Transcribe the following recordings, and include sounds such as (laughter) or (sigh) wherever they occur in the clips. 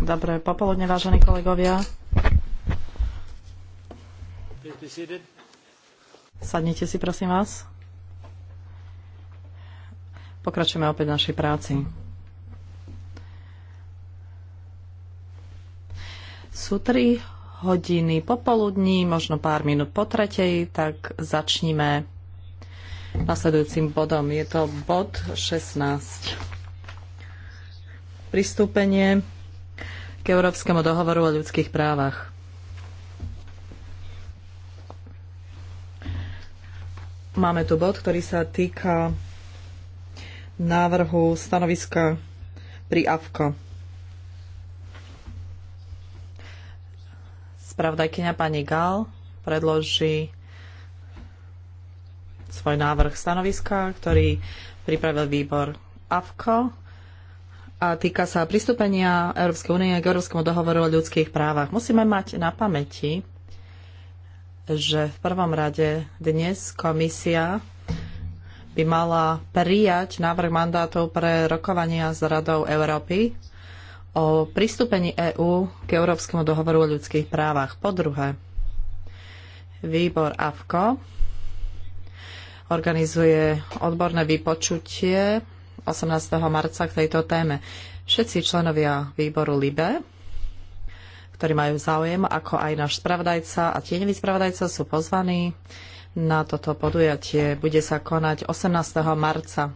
Dobré popoludne, vážení kolegovia. Sadnite si, prosím vás. Pokračujeme opäť v našej práci. Sú tri hodiny popoludní, možno pár minút po tretej, tak začníme nasledujúcim bodom. Je to bod 16 pristúpenie k Európskemu dohovoru o ľudských právach. Máme tu bod, ktorý sa týka návrhu stanoviska pri AFKO. Spravodajkyňa pani Gal predloží svoj návrh stanoviska, ktorý pripravil výbor AFKO a týka sa pristúpenia Európskej únie k Európskemu dohovoru o ľudských právach. Musíme mať na pamäti, že v prvom rade dnes komisia by mala prijať návrh mandátov pre rokovania s Radou Európy o pristúpení EÚ k Európskemu dohovoru o ľudských právach. Po druhé, výbor AFKO organizuje odborné vypočutie 18. marca k tejto téme. Všetci členovia výboru LIBE, ktorí majú záujem, ako aj náš spravodajca a tieňový spravodajca sú pozvaní na toto podujatie. Bude sa konať 18. marca.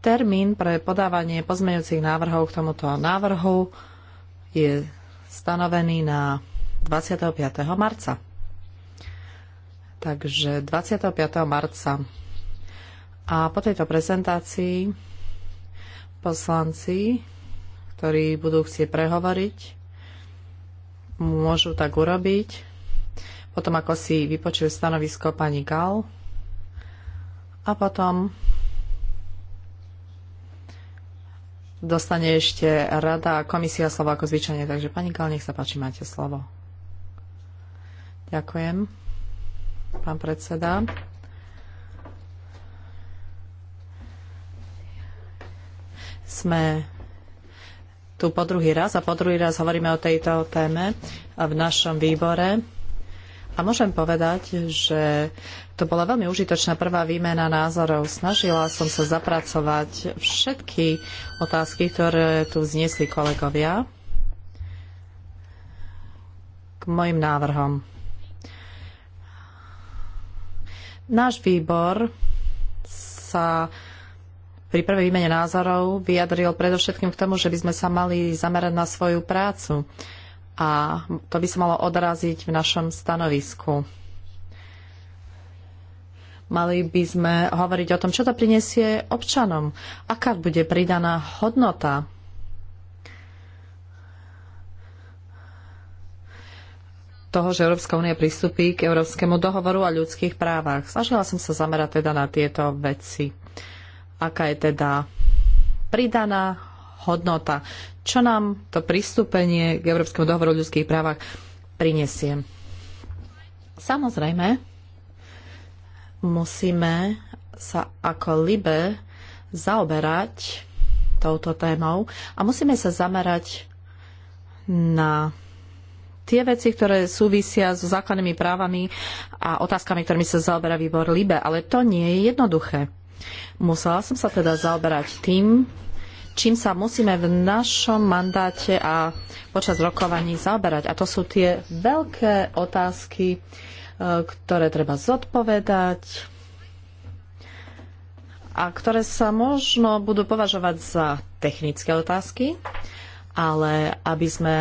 Termín pre podávanie pozmeňujúcich návrhov k tomuto návrhu je stanovený na 25. marca. Takže 25. marca. A po tejto prezentácii poslanci, ktorí budú chcieť prehovoriť, môžu tak urobiť. Potom ako si vypočujú stanovisko pani Gal a potom dostane ešte rada a komisia slovo ako zvyčajne. Takže pani Gal, nech sa páči, máte slovo. Ďakujem, pán predseda. sme tu po druhý raz a po druhý raz hovoríme o tejto téme v našom výbore. A môžem povedať, že to bola veľmi užitočná prvá výmena názorov. Snažila som sa zapracovať všetky otázky, ktoré tu vzniesli kolegovia k mojim návrhom. Náš výbor sa pri prvej výmene názorov vyjadril predovšetkým k tomu, že by sme sa mali zamerať na svoju prácu. A to by sa malo odraziť v našom stanovisku. Mali by sme hovoriť o tom, čo to prinesie občanom, aká bude pridaná hodnota. toho, že Európska únia pristúpi k Európskemu dohovoru o ľudských právach. Snažila som sa zamerať teda na tieto veci aká je teda pridaná hodnota, čo nám to pristúpenie k Európskemu dohovoru o ľudských právach prinesie. Samozrejme, musíme sa ako Libe zaoberať touto témou a musíme sa zamerať na tie veci, ktoré súvisia so základnými právami a otázkami, ktorými sa zaoberá výbor Libe, ale to nie je jednoduché. Musela som sa teda zaoberať tým, čím sa musíme v našom mandáte a počas rokovaní zaoberať. A to sú tie veľké otázky, e, ktoré treba zodpovedať a ktoré sa možno budú považovať za technické otázky, ale aby sme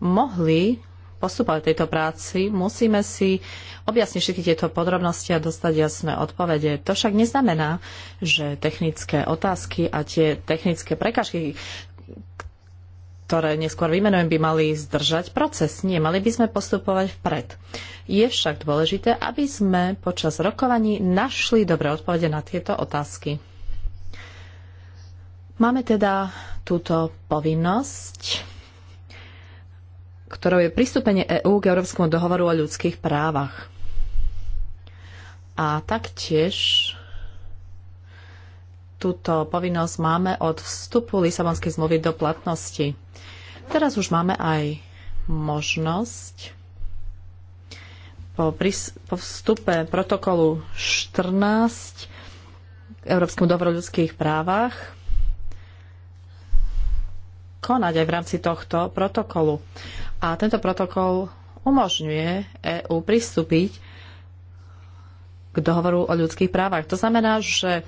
mohli postupovať v tejto práci, musíme si objasniť všetky tieto podrobnosti a dostať jasné odpovede. To však neznamená, že technické otázky a tie technické prekažky, ktoré neskôr vymenujem, by mali zdržať proces. Nie, mali by sme postupovať vpred. Je však dôležité, aby sme počas rokovaní našli dobré odpovede na tieto otázky. Máme teda túto povinnosť ktorou je pristúpenie EÚ k Európskemu dohovoru o ľudských právach. A taktiež túto povinnosť máme od vstupu Lisabonskej zmluvy do platnosti. Teraz už máme aj možnosť po, po vstupe protokolu 14 k Európskemu dohovoru o ľudských právach konať aj v rámci tohto protokolu. A tento protokol umožňuje EÚ pristúpiť k dohovoru o ľudských právach. To znamená, že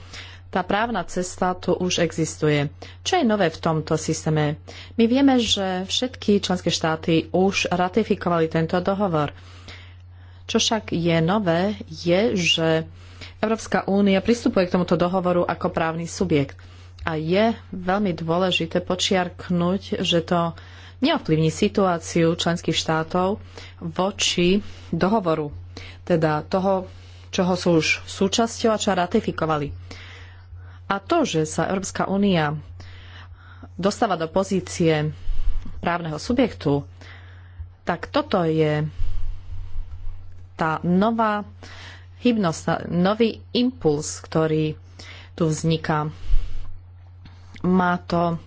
tá právna cesta tu už existuje. Čo je nové v tomto systéme? My vieme, že všetky členské štáty už ratifikovali tento dohovor. Čo však je nové, je, že Európska únia pristupuje k tomuto dohovoru ako právny subjekt. A je veľmi dôležité počiarknúť, že to neovplyvní situáciu členských štátov voči dohovoru, teda toho, čoho sú už súčasťou a čo ratifikovali. A to, že sa Európska únia dostáva do pozície právneho subjektu, tak toto je tá nová hybnosť, nový impuls, ktorý tu vzniká má to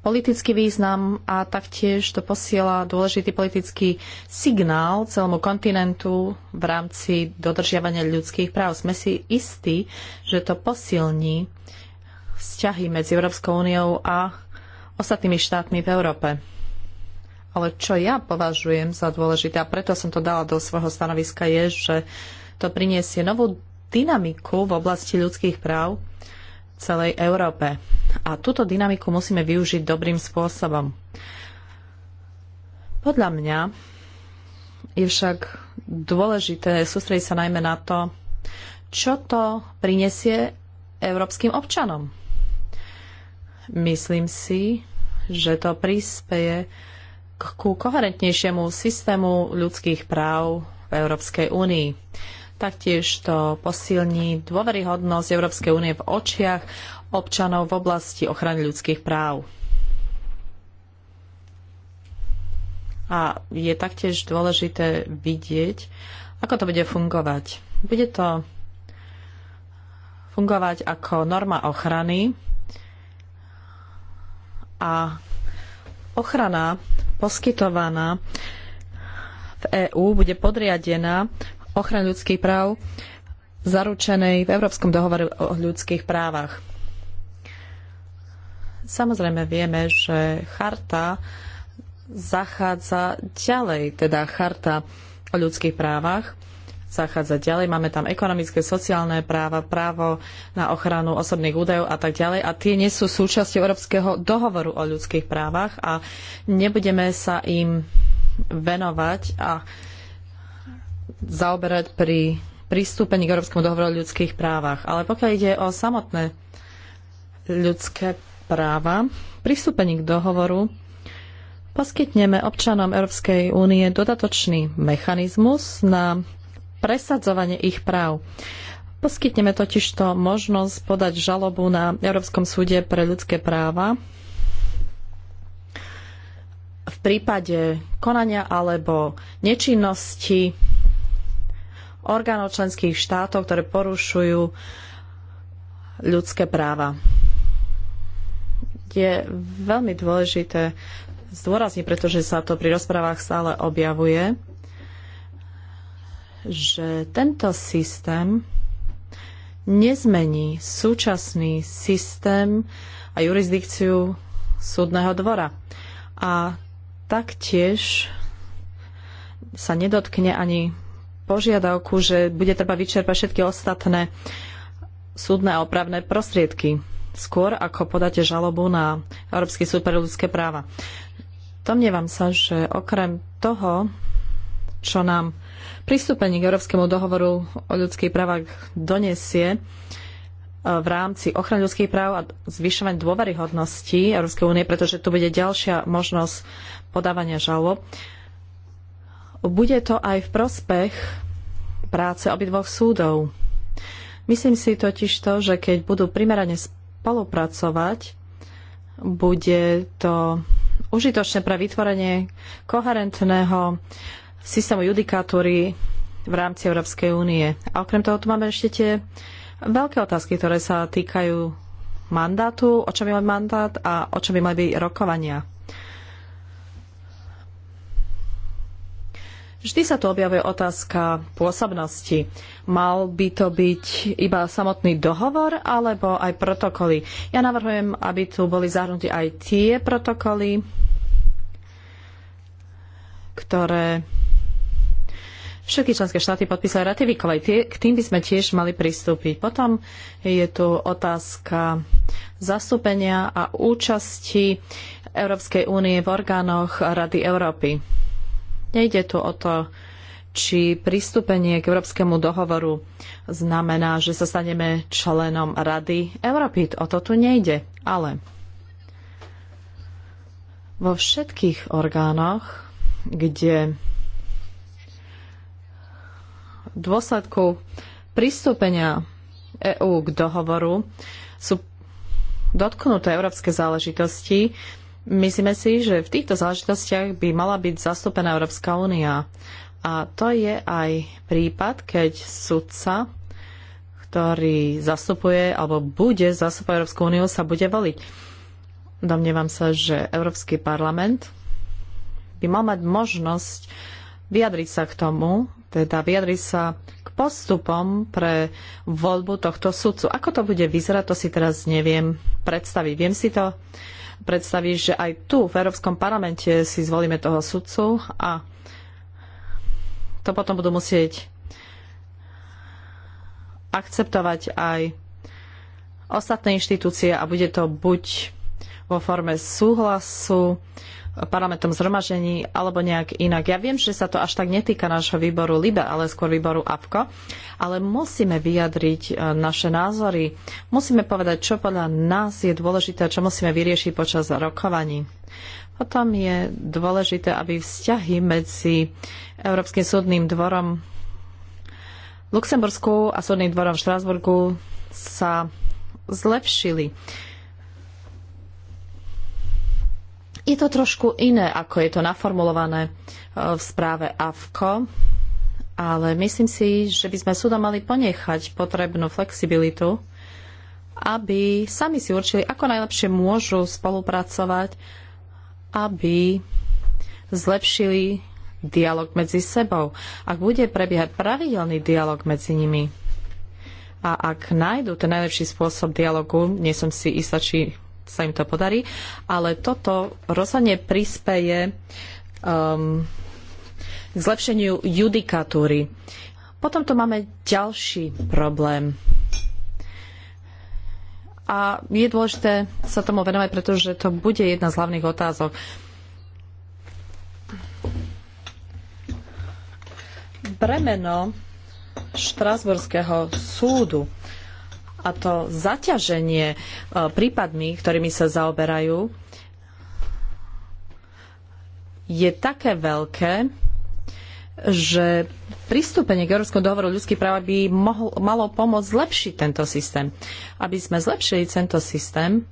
politický význam a taktiež to posiela dôležitý politický signál celému kontinentu v rámci dodržiavania ľudských práv. Sme si istí, že to posilní vzťahy medzi Európskou úniou a ostatnými štátmi v Európe. Ale čo ja považujem za dôležité, a preto som to dala do svojho stanoviska, je, že to priniesie novú dynamiku v oblasti ľudských práv celej Európe. A túto dynamiku musíme využiť dobrým spôsobom. Podľa mňa je však dôležité sústrediť sa najmä na to, čo to prinesie európskym občanom. Myslím si, že to prispieje ku koherentnejšiemu systému ľudských práv v Európskej únii. Taktiež to posilní dôveryhodnosť Európskej únie v očiach občanov v oblasti ochrany ľudských práv. A je taktiež dôležité vidieť, ako to bude fungovať. Bude to fungovať ako norma ochrany a ochrana poskytovaná v EÚ bude podriadená ochrany ľudských práv zaručenej v Európskom dohovore o ľudských právach. Samozrejme vieme, že charta zachádza ďalej, teda charta o ľudských právach zachádza ďalej. Máme tam ekonomické, sociálne práva, právo na ochranu osobných údajov a tak ďalej. A tie nie sú súčasťou Európskeho dohovoru o ľudských právach a nebudeme sa im venovať a zaoberať pri pristúpení k Európskemu dohovoru o ľudských právach. Ale pokiaľ ide o samotné ľudské práva, pristúpení k dohovoru poskytneme občanom Európskej únie dodatočný mechanizmus na presadzovanie ich práv. Poskytneme totižto možnosť podať žalobu na Európskom súde pre ľudské práva v prípade konania alebo nečinnosti orgánov členských štátov, ktoré porušujú ľudské práva. Je veľmi dôležité zdôrazniť, pretože sa to pri rozprávach stále objavuje, že tento systém nezmení súčasný systém a jurisdikciu súdneho dvora. A taktiež sa nedotkne ani požiadavku, že bude treba vyčerpať všetky ostatné súdne a opravné prostriedky skôr, ako podáte žalobu na Európsky súd pre ľudské práva. Domnievam sa, že okrem toho, čo nám pristúpenie k Európskemu dohovoru o ľudských právach donesie e, v rámci ochrany ľudských práv a zvyšovania dôveryhodnosti Európskej únie, pretože tu bude ďalšia možnosť podávania žalob, bude to aj v prospech práce obidvoch súdov. Myslím si totiž to, že keď budú primerane spolupracovať, bude to užitočné pre vytvorenie koherentného systému judikatúry v rámci Európskej únie. A okrem toho tu máme ešte tie veľké otázky, ktoré sa týkajú mandátu, o čom je mandát a o čom by mali byť rokovania. Vždy sa tu objavuje otázka pôsobnosti. Mal by to byť iba samotný dohovor alebo aj protokoly? Ja navrhujem, aby tu boli zahrnutí aj tie protokoly, ktoré všetky členské štáty podpísali ratifikovali. k tým by sme tiež mali pristúpiť. Potom je tu otázka zastúpenia a účasti Európskej únie v orgánoch Rady Európy Nejde tu o to, či pristúpenie k Európskemu dohovoru znamená, že sa staneme členom Rady Európy. O to tu nejde. Ale vo všetkých orgánoch, kde v dôsledku pristúpenia EÚ k dohovoru sú dotknuté európske záležitosti, Myslíme si, že v týchto záležitostiach by mala byť zastúpená Európska únia. A to je aj prípad, keď sudca, ktorý zastupuje alebo bude zastupovať Európsku úniu, sa bude voliť. Domnievam sa, že Európsky parlament by mal mať možnosť vyjadriť sa k tomu, teda vyjadriť sa k postupom pre voľbu tohto sudcu. Ako to bude vyzerať, to si teraz neviem predstaviť. Viem si to predstavíš, že aj tu v Európskom parlamente si zvolíme toho sudcu a to potom budú musieť akceptovať aj ostatné inštitúcie a bude to buď vo forme súhlasu parlamentom zhromažení alebo nejak inak. Ja viem, že sa to až tak netýka nášho výboru LIBE, ale skôr výboru APKO, ale musíme vyjadriť e, naše názory. Musíme povedať, čo podľa nás je dôležité a čo musíme vyriešiť počas rokovaní. Potom je dôležité, aby vzťahy medzi Európskym súdnym dvorom Luxembursku a súdnym dvorom v Štrásburgu sa zlepšili. je to trošku iné, ako je to naformulované e, v správe AVKO, ale myslím si, že by sme súdom mali ponechať potrebnú flexibilitu, aby sami si určili, ako najlepšie môžu spolupracovať, aby zlepšili dialog medzi sebou. Ak bude prebiehať pravidelný dialog medzi nimi a ak nájdú ten najlepší spôsob dialogu, nie som si istá, či sa im to podarí, ale toto rozhodne prispeje um, k zlepšeniu judikatúry. Potom tu máme ďalší problém. A je dôležité sa tomu venovať, pretože to bude jedna z hlavných otázok. Bremeno Štrasburského súdu a to zaťaženie e, prípadmi, ktorými sa zaoberajú, je také veľké, že pristúpenie k Európskom dohovoru ľudských práv by mohol, malo pomôcť zlepšiť tento systém. Aby sme zlepšili tento systém,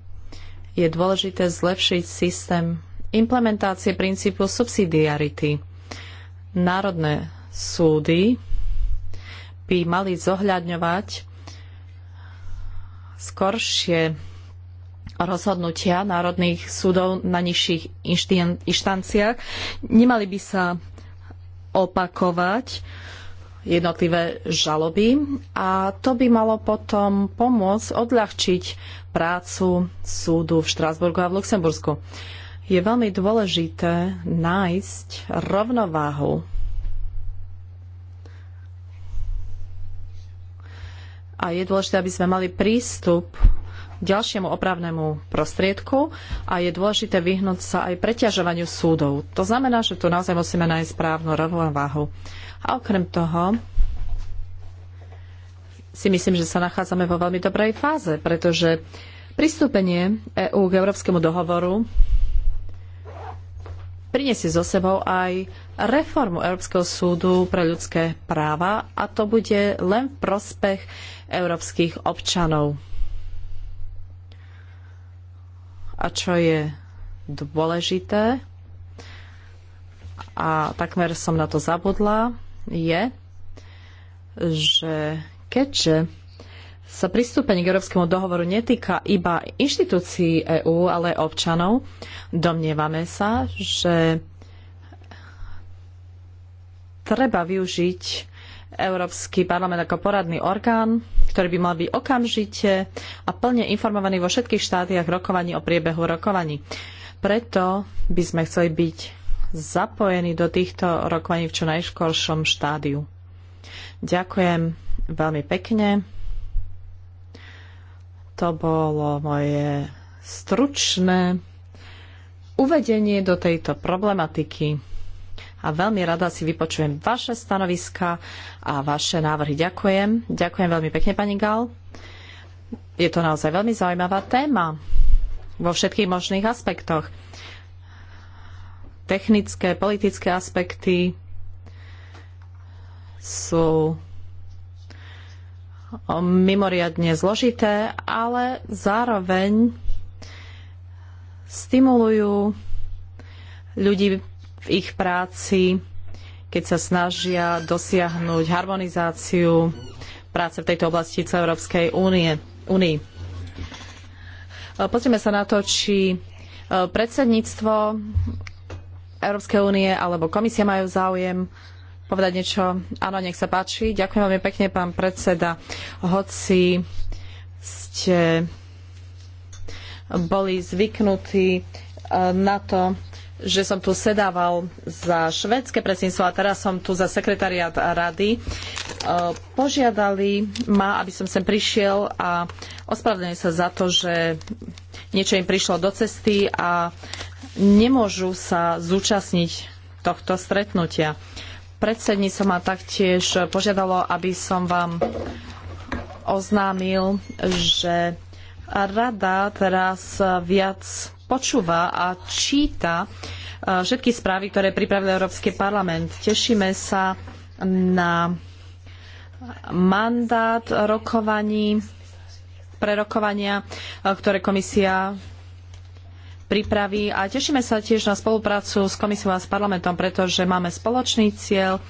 je dôležité zlepšiť systém implementácie princípu subsidiarity. Národné súdy by mali zohľadňovať skoršie rozhodnutia národných súdov na nižších inštanciách nemali by sa opakovať jednotlivé žaloby a to by malo potom pomôcť odľahčiť prácu súdu v Štrásburgu a v Luxembursku. Je veľmi dôležité nájsť rovnováhu a je dôležité, aby sme mali prístup k ďalšiemu opravnému prostriedku a je dôležité vyhnúť sa aj preťažovaniu súdov. To znamená, že tu naozaj musíme nájsť správnu rovnováhu. A okrem toho si myslím, že sa nachádzame vo veľmi dobrej fáze, pretože pristúpenie EÚ EU k Európskemu dohovoru priniesie so sebou aj reformu Európskeho súdu pre ľudské práva a to bude len v prospech európskych občanov. A čo je dôležité, a takmer som na to zabudla, je, že keďže sa pristúpenie k Európskemu dohovoru netýka iba inštitúcií EÚ, ale aj občanov. Domnievame sa, že treba využiť Európsky parlament ako poradný orgán, ktorý by mal byť okamžite a plne informovaný vo všetkých štádiách rokovaní o priebehu rokovaní. Preto by sme chceli byť zapojení do týchto rokovaní v čo najškoršom štádiu. Ďakujem veľmi pekne. To bolo moje stručné uvedenie do tejto problematiky a veľmi rada si vypočujem vaše stanoviska a vaše návrhy. Ďakujem. Ďakujem veľmi pekne, pani Gal. Je to naozaj veľmi zaujímavá téma vo všetkých možných aspektoch. Technické, politické aspekty sú mimoriadne zložité, ale zároveň stimulujú ľudí v ich práci, keď sa snažia dosiahnuť harmonizáciu práce v tejto oblasti celej Európskej únie. Unii. Pozrieme sa na to, či eh, predsedníctvo Európskej únie alebo komisia majú záujem povedať niečo? Áno, nech sa páči. Ďakujem veľmi pekne, pán predseda. Hoci ste boli zvyknutí eh, na to, že som tu sedával za švedské predsedníctvo a teraz som tu za sekretariat rady. Eh, požiadali ma, aby som sem prišiel a ospravedlňujem sa za to, že niečo im prišlo do cesty a nemôžu sa zúčastniť tohto stretnutia. Predsedníctvo ma taktiež požiadalo, aby som vám oznámil, že rada teraz viac počúva a číta e, všetky správy, ktoré pripravil Európsky parlament. Tešíme sa na mandát rokovaní, prerokovania, e, ktoré komisia pripraví a tešíme sa tiež na spoluprácu s komisiou a s parlamentom, pretože máme spoločný cieľ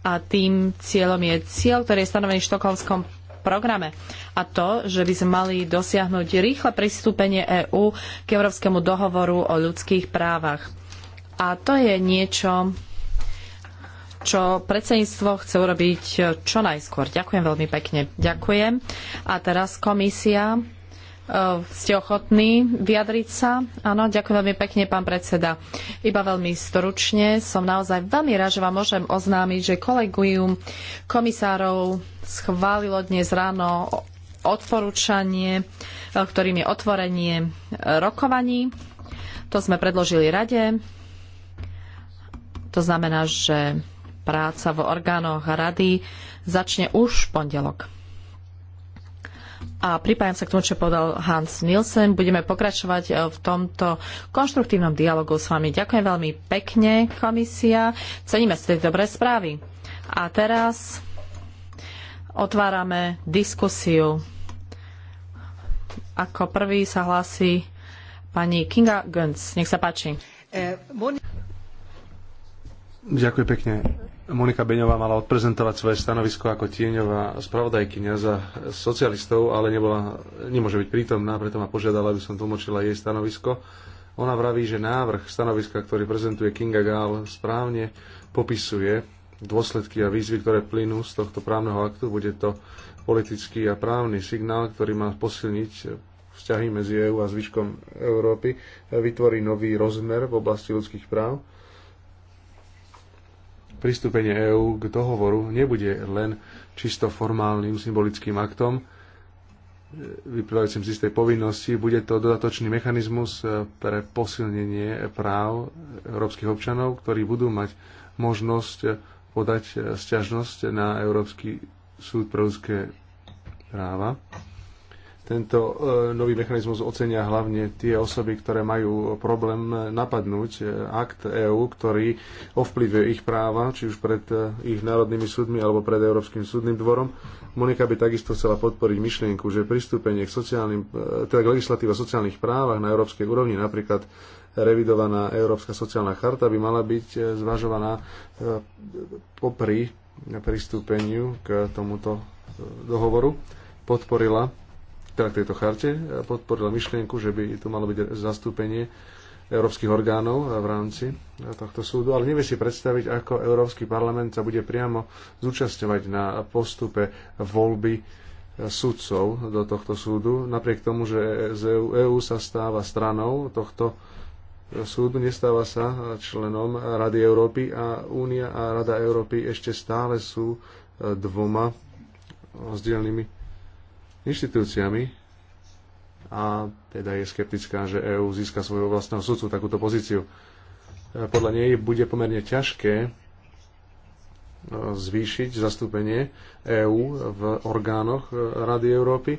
a tým cieľom je cieľ, ktorý je stanovený v štokholmskom programe. A to, že by sme mali dosiahnuť rýchle pristúpenie EÚ k Európskemu dohovoru o ľudských právach. A to je niečo, čo predsedníctvo chce urobiť čo najskôr. Ďakujem veľmi pekne. Ďakujem. A teraz komisia Eh, ste ochotní vyjadriť sa? Áno, ďakujem veľmi pekne, pán predseda. Iba veľmi stručne, som naozaj veľmi rád, že vám môžem oznámiť, že kolegium komisárov schválilo dnes ráno odporúčanie, eh, ktorým je otvorenie rokovaní. To sme predložili rade. To znamená, že práca v orgánoch rady začne už v pondelok a pripájam sa k tomu, čo povedal Hans Nielsen. Budeme pokračovať e, v tomto konštruktívnom dialogu s vami. Ďakujem veľmi pekne, komisia. Ceníme si tie dobré správy. A teraz otvárame diskusiu. Ako prvý sa hlási pani Kinga Gönc. Nech sa páči. E, Ďakujem pekne. Monika Beňová mala odprezentovať svoje stanovisko ako tieňová spravodajkynia za socialistov, ale nebola, nemôže byť prítomná, preto ma požiadala, aby som tlmočila jej stanovisko. Ona vraví, že návrh stanoviska, ktorý prezentuje Kinga Gál, správne popisuje dôsledky a výzvy, ktoré plynú z tohto právneho aktu. Bude to politický a právny signál, ktorý má posilniť vzťahy medzi EÚ a zvyškom Európy, vytvorí nový rozmer v oblasti ľudských práv pristúpenie EÚ k dohovoru nebude len čisto formálnym symbolickým aktom, e, vyplývajúcim z istej povinnosti, bude to dodatočný mechanizmus e, pre posilnenie práv európskych občanov, ktorí budú mať možnosť e, podať sťažnosť na Európsky súd pre ľudské práva. Tento e, nový mechanizmus ocenia hlavne tie osoby, ktoré majú problém e, napadnúť e, akt EÚ, ktorý ovplyvňuje ich práva, či už pred ich národnými súdmi alebo pred Európskym súdnym dvorom. Monika by takisto chcela podporiť myšlienku, že pristúpenie k, sociálnym, teda k legislatíve o sociálnych právach na európskej úrovni, napríklad revidovaná Európska sociálna charta by mala byť zvažovaná popri pristúpeniu k tomuto dohovoru. Podporila teda k tejto charte, podporil myšlienku, že by tu malo byť zastúpenie európskych orgánov v rámci tohto súdu, ale nevie si predstaviť, ako Európsky parlament sa bude priamo zúčastňovať na postupe voľby sudcov do tohto súdu. Napriek tomu, že z EÚ e sa stáva stranou tohto súdu, nestáva sa členom Rady Európy a Únia a Rada Európy ešte stále sú dvoma rozdielnymi inštitúciami a teda je skeptická, že EÚ získa svojho vlastného sudcu takúto pozíciu. E, podľa nej bude pomerne ťažké e, zvýšiť zastúpenie EÚ v orgánoch e, Rady Európy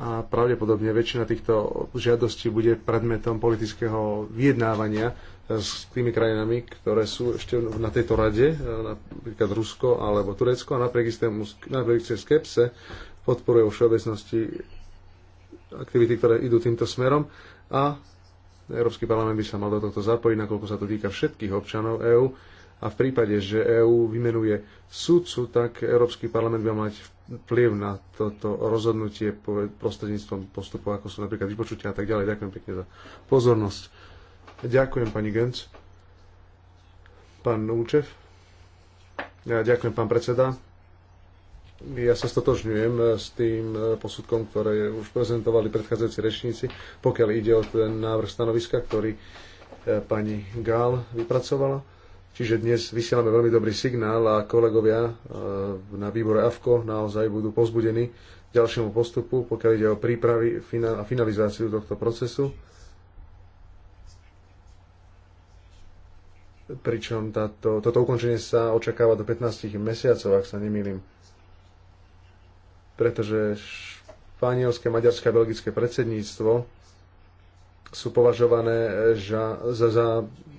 a pravdepodobne väčšina týchto žiadostí bude predmetom politického vyjednávania s tými krajinami, ktoré sú ešte na tejto rade, napríklad Rusko alebo Turecko a napriek istému napriek skepse podporuje vo všeobecnosti aktivity, ktoré idú týmto smerom a Európsky parlament by sa mal do tohto zapojiť, nakoľko sa to týka všetkých občanov EÚ a v prípade, že EÚ vymenuje sudcu, tak Európsky parlament by mať vplyv na toto rozhodnutie prostredníctvom postupov, ako sú napríklad vypočutia a tak ďalej. Ďakujem pekne za pozornosť. Ďakujem pani Genc. Pán Účev. Ja ďakujem pán predseda ja sa stotožňujem eh, s tým eh, posudkom, ktoré už prezentovali predchádzajúci rečníci, pokiaľ ide o ten návrh stanoviska, ktorý eh, pani Gál vypracovala. Čiže dnes vysielame veľmi dobrý signál a kolegovia na výbore AFKO naozaj budú pozbudení ďalšiemu postupu, pokiaľ ide o prípravy a finalizáciu tohto procesu. Pričom táto, toto ukončenie sa očakáva do 15 mesiacov, ak sa nemýlim pretože španielské, maďarské a belgické predsedníctvo sú považované e, za, za, za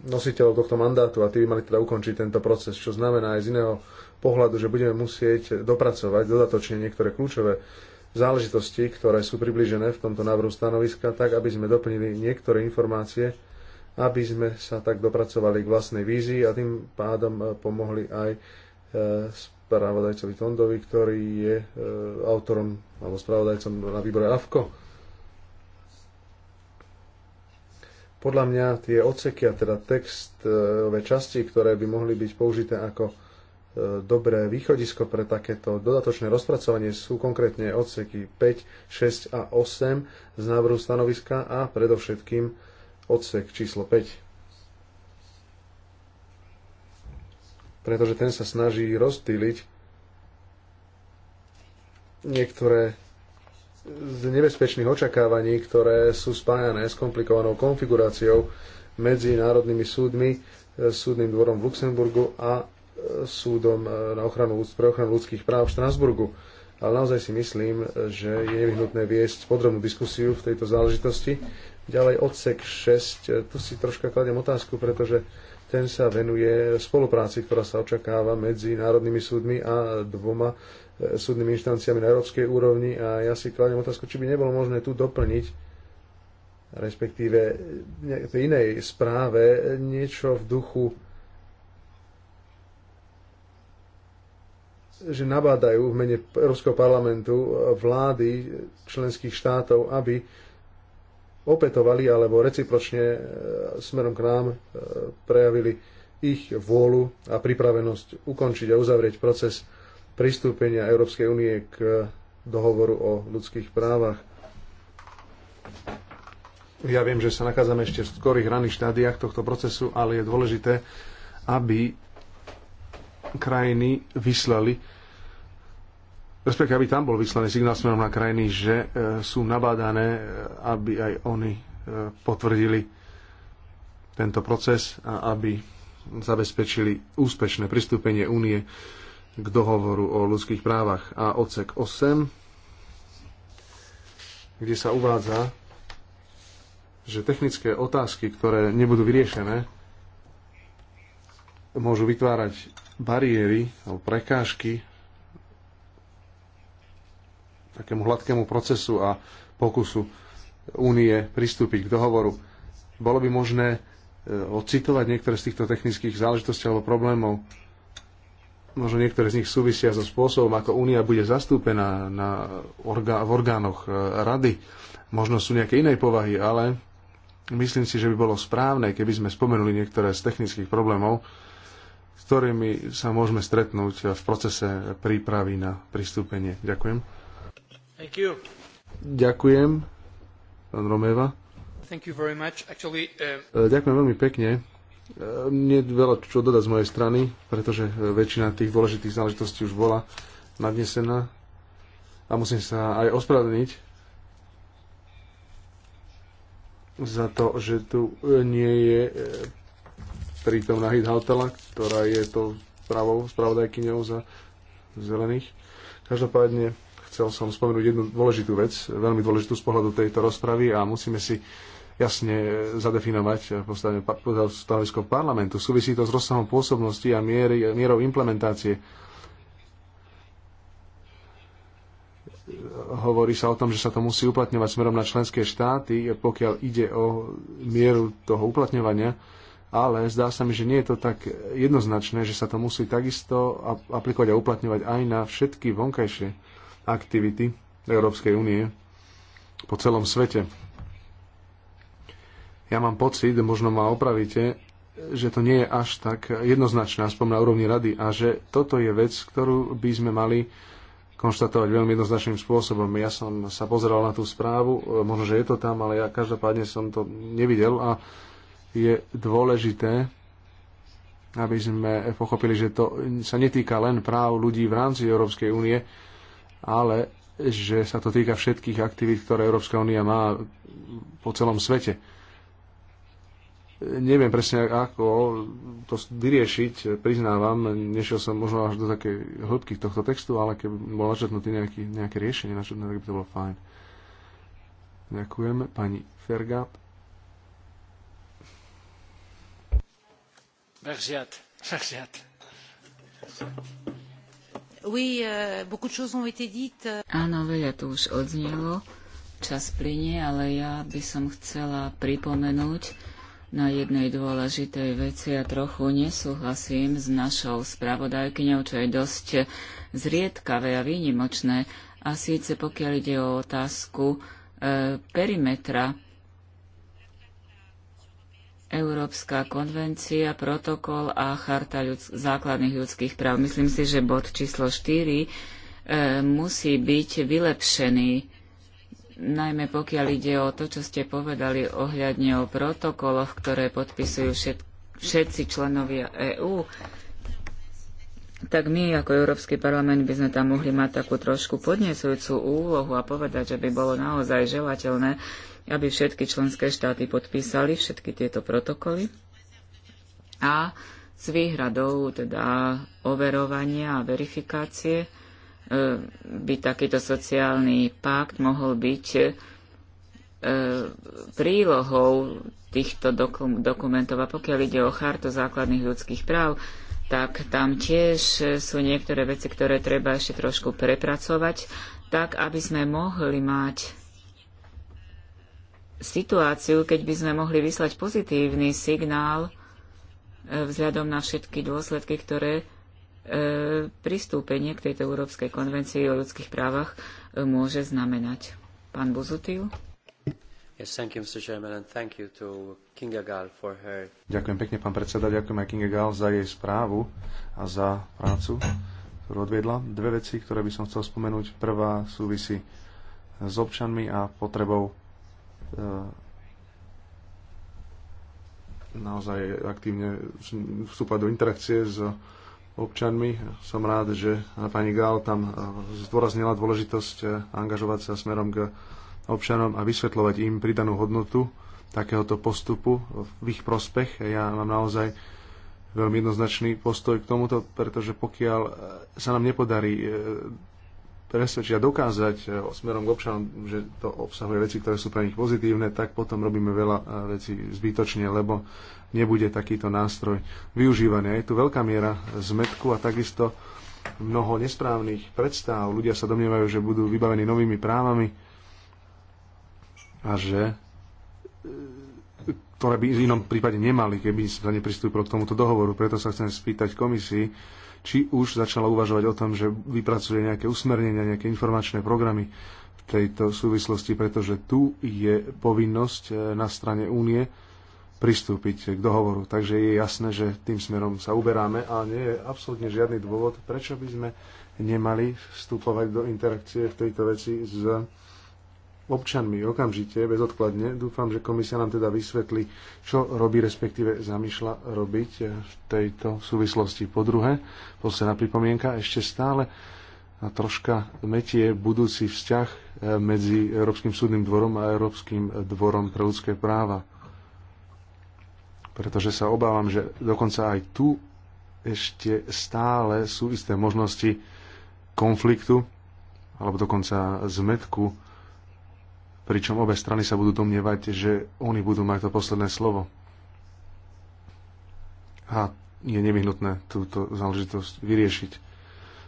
nositeľov tohto mandátu a tí by mali teda ukončiť tento proces, čo znamená aj z iného pohľadu, že budeme musieť dopracovať dodatočne niektoré kľúčové záležitosti, ktoré sú približené v tomto návrhu stanoviska, tak aby sme doplnili niektoré informácie, aby sme sa tak dopracovali k vlastnej vízii a tým pádom e, pomohli aj e, spravodajcovi Tondovi, ktorý je e, autorom alebo spravodajcom na výbore AFKO. Podľa mňa tie odseky a teda textové e, časti, ktoré by mohli byť použité ako e, dobré východisko pre takéto dodatočné rozpracovanie sú konkrétne odseky 5, 6 a 8 z návrhu stanoviska a predovšetkým odsek číslo 5. pretože ten sa snaží rozptýliť niektoré z nebezpečných očakávaní, ktoré sú spájané s komplikovanou konfiguráciou medzi národnými súdmi, e, súdnym dvorom v Luxemburgu a e, súdom e, na ochranu, pre ochranu ľudských práv v Štrasburgu. Ale naozaj si myslím, že je nevyhnutné viesť podrobnú diskusiu v tejto záležitosti. Ďalej odsek 6, tu si troška kladiem otázku, pretože ten sa venuje spolupráci, ktorá sa očakáva medzi národnými súdmi a dvoma e, súdnymi inštanciami na európskej úrovni a ja si kladem otázku, či by nebolo možné tu doplniť respektíve e, v inej správe e, niečo v duchu že nabádajú v mene Európskeho parlamentu vlády členských štátov, aby opätovali alebo recipročne e, smerom k nám e, prejavili ich vôľu a pripravenosť ukončiť a uzavrieť proces pristúpenia Európskej únie k dohovoru o ľudských právach. Ja viem, že sa nachádzame ešte v skorých raných štádiách tohto procesu, ale je dôležité, aby krajiny vyslali respektíve aby tam bol vyslaný signál smerom na krajiny, že e, sú nabádané, e, aby aj oni e, potvrdili tento proces a aby zabezpečili úspešné pristúpenie únie k dohovoru o ľudských právach a odsek 8, kde sa uvádza, že technické otázky, ktoré nebudú vyriešené, môžu vytvárať bariéry alebo prekážky takému hladkému procesu a pokusu únie pristúpiť k dohovoru. Bolo by možné e, odcitovať niektoré z týchto technických záležitostí alebo problémov. Možno niektoré z nich súvisia so spôsobom, ako únia bude zastúpená na orgá- v orgánoch e, rady. Možno sú nejaké inej povahy, ale myslím si, že by bolo správne, keby sme spomenuli niektoré z technických problémov, s ktorými sa môžeme stretnúť v procese prípravy na pristúpenie. Ďakujem. Thank you. Ďakujem, pán Romeva. Thank you very much. Actually, uh... E, ďakujem veľmi pekne. Nie veľa čo dodať z mojej strany, pretože väčšina tých dôležitých záležitostí už bola nadnesená a musím sa aj ospravedlniť za to, že tu e, nie je e, prítomná Hit Hautala, ktorá je to pravou spravodajkyňou za zelených. Každopádne Chcel som spomenúť jednu dôležitú vec, veľmi dôležitú z pohľadu tejto rozpravy a musíme si jasne zadefinovať eh, stanovisko parlamentu. Súvisí to s rozsahom pôsobnosti a miery, mierou implementácie. Hovorí sa o tom, že sa to musí uplatňovať smerom na členské štáty, pokiaľ ide o mieru toho uplatňovania, ale zdá sa mi, že nie je to tak jednoznačné, že sa to musí takisto aplikovať a uplatňovať aj na všetky vonkajšie aktivity Európskej únie po celom svete. Ja mám pocit, možno ma opravíte, že to nie je až tak jednoznačné, aspoň na úrovni rady, a že toto je vec, ktorú by sme mali konštatovať veľmi jednoznačným spôsobom. Ja som sa pozeral na tú správu, e, možno, že je to tam, ale ja každopádne som to nevidel a je dôležité, aby sme pochopili, že to sa netýka len práv ľudí v rámci Európskej únie, ale že sa to týka všetkých aktivít, ktoré Európska únia má po celom svete. Neviem presne ako to vyriešiť, priznávam, nešiel som možno až do takej hĺbky tohto textu, ale keby bol načrtnutý nejaký, nejaké riešenie, načrtnuté, tak by to bolo fajn. Ďakujem. Pani Fergat. Beržiat. Beržiat. Euh, Áno, veľa tu už odznelo. Čas plinie, ale ja by som chcela pripomenúť na jednej dôležitej veci. Ja trochu nesúhlasím s našou spravodajkyňou, čo je dosť zriedkavé a výnimočné. A síce pokiaľ ide o otázku e, perimetra Európska konvencia, protokol a charta ľudsk- základných ľudských práv. Myslím si, že bod číslo 4 e, musí byť vylepšený, najmä pokiaľ ide o to, čo ste povedali ohľadne o protokoloch, ktoré podpisujú všet- všetci členovia EÚ tak my ako Európsky parlament by sme tam mohli mať takú trošku podnesujúcu úlohu a povedať, že by bolo naozaj želateľné, aby všetky členské štáty podpísali všetky tieto protokoly a s výhradou teda overovania a verifikácie e, by takýto sociálny pakt mohol byť e, prílohou týchto dokum dokumentov. A pokiaľ ide o chartu základných ľudských práv, tak tam tiež e, sú niektoré veci, ktoré treba ešte trošku prepracovať, tak aby sme mohli mať situáciu, keď by sme mohli vyslať pozitívny signál e, vzhľadom na všetky dôsledky, ktoré e, pristúpenie k tejto Európskej konvencii o ľudských právach e, môže znamenať. Pán Buzutil? Ďakujem pekne, pán predseda. Ďakujem aj Kinga Gall za jej správu a za prácu, ktorú odviedla. Dve veci, ktoré by som chcel spomenúť. Prvá súvisí s občanmi a potrebou E, naozaj aktívne vstúpať do interakcie s občanmi. Som rád, že pani Gál tam e, zdôraznila dôležitosť e, angažovať sa smerom k občanom a vysvetľovať im pridanú hodnotu takéhoto postupu v ich prospech. Ja mám naozaj veľmi jednoznačný postoj k tomuto, pretože pokiaľ sa nám nepodarí presvedčia, dokázať e, smerom k občanom, že to obsahuje veci, ktoré sú pre nich pozitívne, tak potom robíme veľa e, vecí zbytočne, lebo nebude takýto nástroj využívaný. Je tu veľká miera zmetku a takisto mnoho nesprávnych predstav. Ľudia sa domnievajú, že budú vybavení novými právami a že e, ktoré by v inom prípade nemali, keby sa nepristúpilo k tomuto dohovoru. Preto sa chcem spýtať komisii, či už začala uvažovať o tom, že vypracuje nejaké usmernenia, nejaké informačné programy v tejto súvislosti, pretože tu je povinnosť e, na strane únie pristúpiť k dohovoru. Takže je jasné, že tým smerom sa uberáme a nie je absolútne žiadny dôvod, prečo by sme nemali vstupovať do interakcie v tejto veci s občanmi okamžite, bezodkladne. Dúfam, že komisia nám teda vysvetlí, čo robí, respektíve zamýšľa robiť v tejto súvislosti. Po druhé, posledná pripomienka, ešte stále a troška metie budúci vzťah e, medzi Európskym súdnym dvorom a Európskym dvorom pre ľudské práva. Pretože sa obávam, že dokonca aj tu ešte stále sú isté možnosti konfliktu alebo dokonca zmetku pričom obe strany sa budú domnievať, že oni budú mať to posledné slovo. A je nevyhnutné túto záležitosť vyriešiť.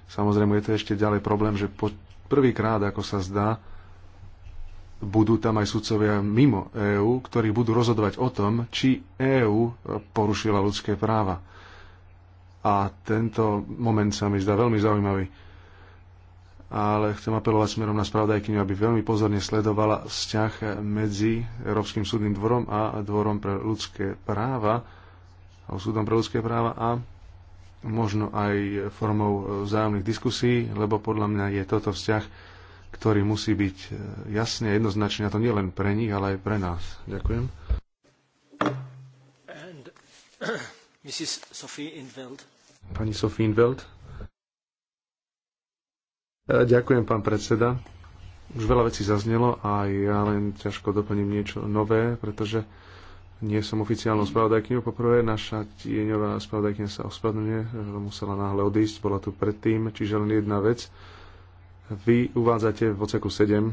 Samozrejme, je to ešte ďalej problém, že po prvýkrát, ako sa zdá, budú tam aj sudcovia mimo EÚ, ktorí budú rozhodovať o tom, či EÚ porušila ľudské práva. A tento moment sa mi zdá veľmi zaujímavý ale chcem apelovať smerom na spravodajkyňu, aby veľmi pozorne sledovala vzťah medzi Európskym súdnym dvorom a dvorom pre ľudské práva, a súdom pre ľudské práva a možno aj formou vzájomných diskusí, lebo podľa mňa je toto vzťah, ktorý musí byť jasne a jednoznačný, a to nie len pre nich, ale aj pre nás. Ďakujem. And, Mrs. (clears throat) Sophie Pani Sophie Inveld. E, ďakujem, pán predseda. Už veľa vecí zaznelo a ja len ťažko doplním niečo nové, pretože nie som oficiálnou spravodajkyňou. Poprvé, naša tieňová spravodajkyňa sa ospravedlňuje, e, musela náhle odísť, bola tu predtým, čiže len jedna vec. Vy uvádzate v oceku 7,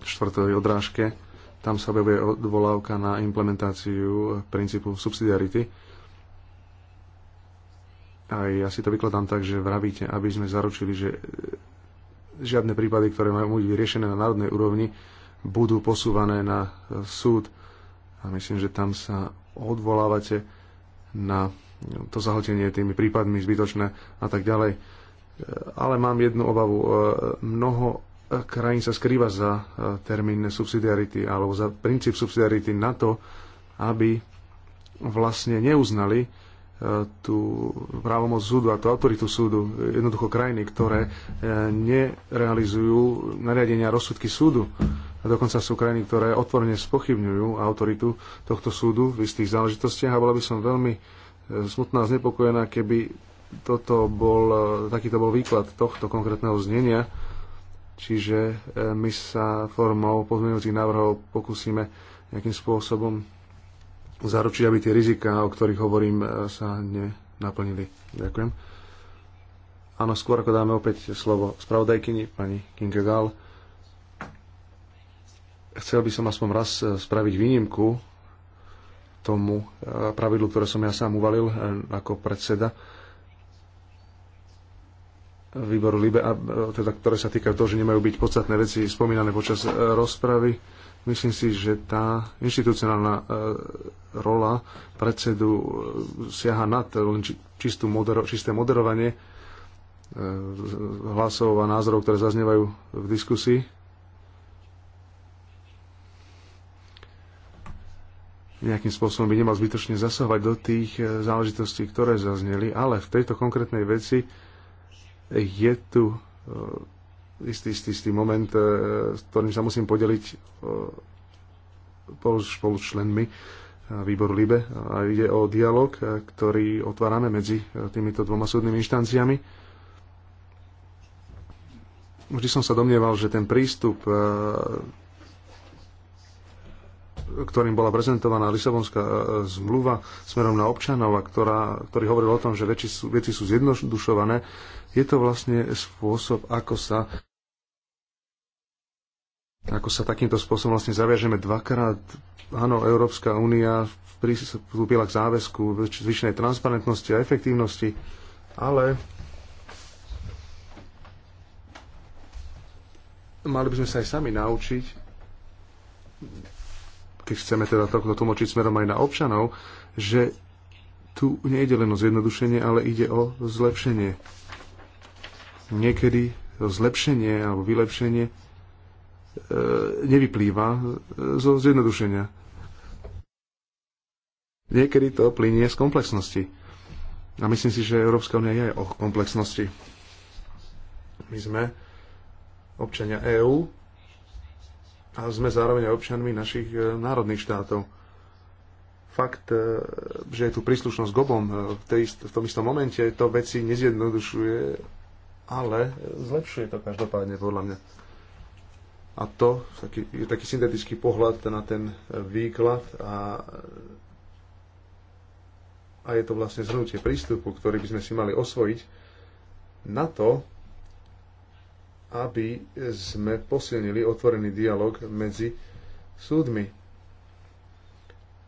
štvrtovej odrážke, tam sa objavuje odvolávka na implementáciu princípu subsidiarity a ja si to vykladám tak, že vravíte, aby sme zaručili, že e, žiadne prípady, ktoré majú byť vyriešené na národnej úrovni, budú posúvané na e, súd. A myslím, že tam sa odvolávate na e, to zahltenie tými prípadmi zbytočné a tak ďalej. Ale mám jednu obavu. Mnoho krajín sa skrýva za termín subsidiarity alebo za princíp subsidiarity na to, aby vlastne neuznali tú právomoc súdu a tú autoritu súdu, jednoducho krajiny, ktoré e, nerealizujú nariadenia rozsudky súdu. A dokonca sú krajiny, ktoré otvorene spochybňujú autoritu tohto súdu v istých záležitostiach a bola by som veľmi e, smutná a znepokojená, keby toto bol, e, takýto bol výklad tohto konkrétneho znenia. Čiže my sa formou pozmeňujúcich návrhov pokúsime nejakým spôsobom zaručiť, aby tie rizika, o ktorých hovorím, e, sa nenaplnili. Ďakujem. Áno, skôr ako dáme opäť slovo spravodajkyni, pani Kinkegal, chcel by som aspoň raz e, spraviť výnimku tomu e, pravidlu, ktoré som ja sám uvalil ako predseda výboru LIBE, a, e, teda, ktoré sa týkajú toho, že nemajú byť podstatné veci spomínané počas e, rozpravy. Myslím si, že tá inštitucionálna e, rola predsedu siaha nad len čistú modero, čisté moderovanie hlasov a názorov, ktoré zaznievajú v diskusii. nejakým spôsobom by nemal zbytočne zasahovať do tých záležitostí, ktoré zazneli, ale v tejto konkrétnej veci je tu eh, istý, istý, istý moment, eh, s ktorým sa musím podeliť eh, spolu s členmi výboru LIBE. A ide o dialog, ktorý otvárame medzi týmito dvoma súdnymi inštanciami. Vždy som sa domnieval, že ten prístup ktorým bola prezentovaná Lisabonská e, zmluva smerom na občanov a ktorá, ktorý hovoril o tom, že veci sú, veci sú zjednodušované, je to vlastne spôsob, ako sa ako sa takýmto spôsobom vlastne zaviažeme dvakrát. Áno, Európska únia pristúpila k záväzku zvyšnej transparentnosti a efektívnosti, ale mali by sme sa aj sami naučiť keď chceme teda toto tlmočiť smerom aj na občanov, že tu nejde len o zjednodušenie, ale ide o zlepšenie. Niekedy zlepšenie alebo vylepšenie e, nevyplýva e, zo zjednodušenia. Niekedy to plinie z komplexnosti. A myslím si, že Európska únia je o komplexnosti. My sme občania EÚ, a sme zároveň aj občanmi našich e, národných štátov. Fakt, e, že je tu príslušnosť gobom e, v, tej, v tom istom momente, to veci nezjednodušuje, ale zlepšuje to každopádne podľa mňa. A to taký, je taký syntetický pohľad na ten výklad a, a je to vlastne zhrnutie prístupu, ktorý by sme si mali osvojiť na to, aby sme posilnili otvorený dialog medzi súdmi.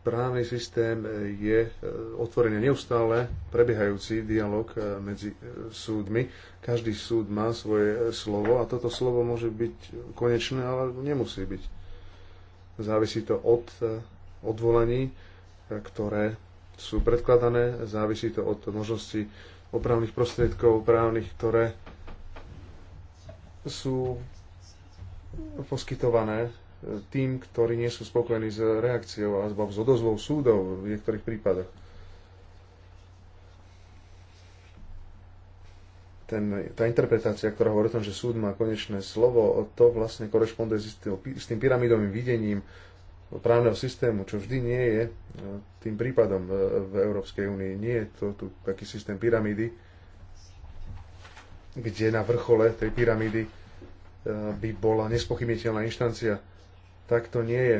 Právny systém je e, otvorený neustále prebiehajúci dialog e, medzi e, súdmi. Každý súd má svoje slovo a toto slovo môže byť konečné, ale nemusí byť. Závisí to od odvolaní, ktoré sú predkladané, závisí to od možnosti opravných prostriedkov právnych, ktoré sú poskytované e, tým, ktorí nie sú spokojní s reakciou alebo s odozvou súdov v niektorých prípadoch. Ten, tá interpretácia, ktorá hovorí o tom, že súd má konečné slovo, to vlastne korešponduje s, tým, s tým pyramidovým videním právneho systému, čo vždy nie je e, tým prípadom e, v Európskej únii. Nie je to tu taký systém pyramídy, kde na vrchole tej pyramídy e, by bola nespochybniteľná inštancia. Tak to nie je.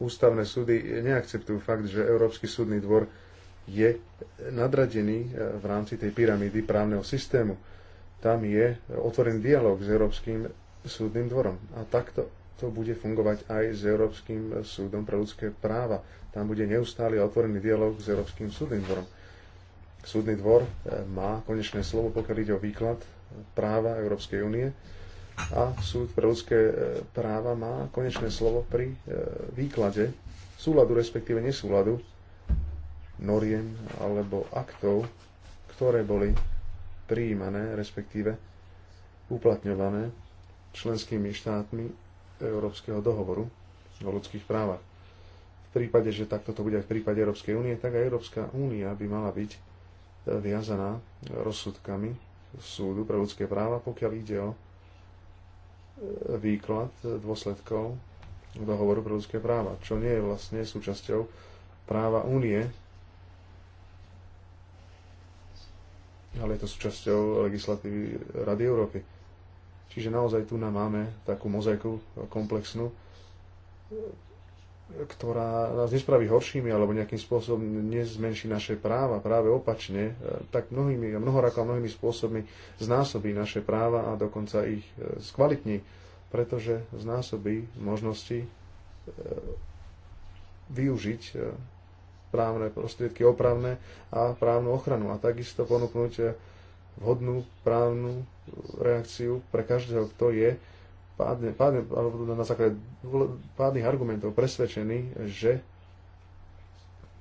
Ústavné súdy neakceptujú fakt, že Európsky súdny dvor je nadradený e, v rámci tej pyramídy právneho systému. Tam je otvorený dialog s Európskym súdnym dvorom. A takto to bude fungovať aj s Európskym súdom pre ľudské práva. Tam bude neustály otvorený dialog s Európskym súdnym dvorom. Súdny dvor eh, má konečné slovo, pokiaľ ide o výklad práva Európskej únie a súd pre ľudské eh, práva má konečné slovo pri eh, výklade súladu, respektíve nesúladu noriem alebo aktov, ktoré boli prijímané, respektíve uplatňované členskými štátmi Európskeho dohovoru o ľudských právach. V prípade, že takto to bude aj v prípade Európskej únie, tak aj Európska únia by mala byť viazaná rozsudkami súdu pre ľudské práva, pokiaľ ide o e, výklad dôsledkov dohovoru pre ľudské práva, čo nie je vlastne súčasťou práva únie, ale je to súčasťou legislatívy Rady Európy. Čiže naozaj tu nám máme takú mozaiku komplexnú, ktorá nás nespraví horšími alebo nejakým spôsobom nezmenší naše práva, práve opačne, e, tak mnohými, mnohorako a mnohými spôsobmi znásobí naše práva a dokonca ich e, skvalitní, pretože znásobí možnosti e, využiť právne prostriedky opravné a právnu ochranu a takisto ponúknuť vhodnú právnu reakciu pre každého, kto je pádne, pádne, alebo teda na základe pádnych argumentov presvedčený, že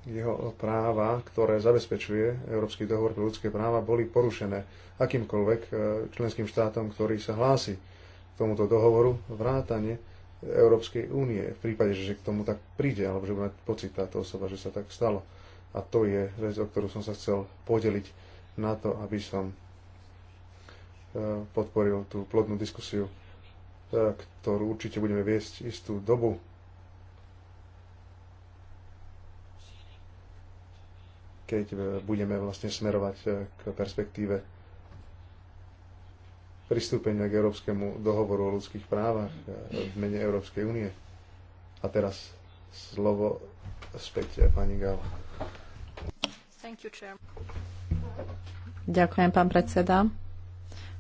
jeho práva, ktoré zabezpečuje Európsky dohovor pre ľudské práva, boli porušené akýmkoľvek e, členským štátom, ktorý sa hlási k tomuto dohovoru vrátane Európskej únie v prípade, že k tomu tak príde, alebo že bude mať pocit táto osoba, že sa tak stalo. A to je vec, o ktorú som sa chcel podeliť na to, aby som e, podporil tú plodnú diskusiu E, ktorú určite budeme viesť istú dobu. keď e, budeme vlastne smerovať e, k perspektíve pristúpenia k Európskemu dohovoru o ľudských právach v mene Európskej únie. A teraz slovo späť pani Gála. Ďakujem, pán predseda.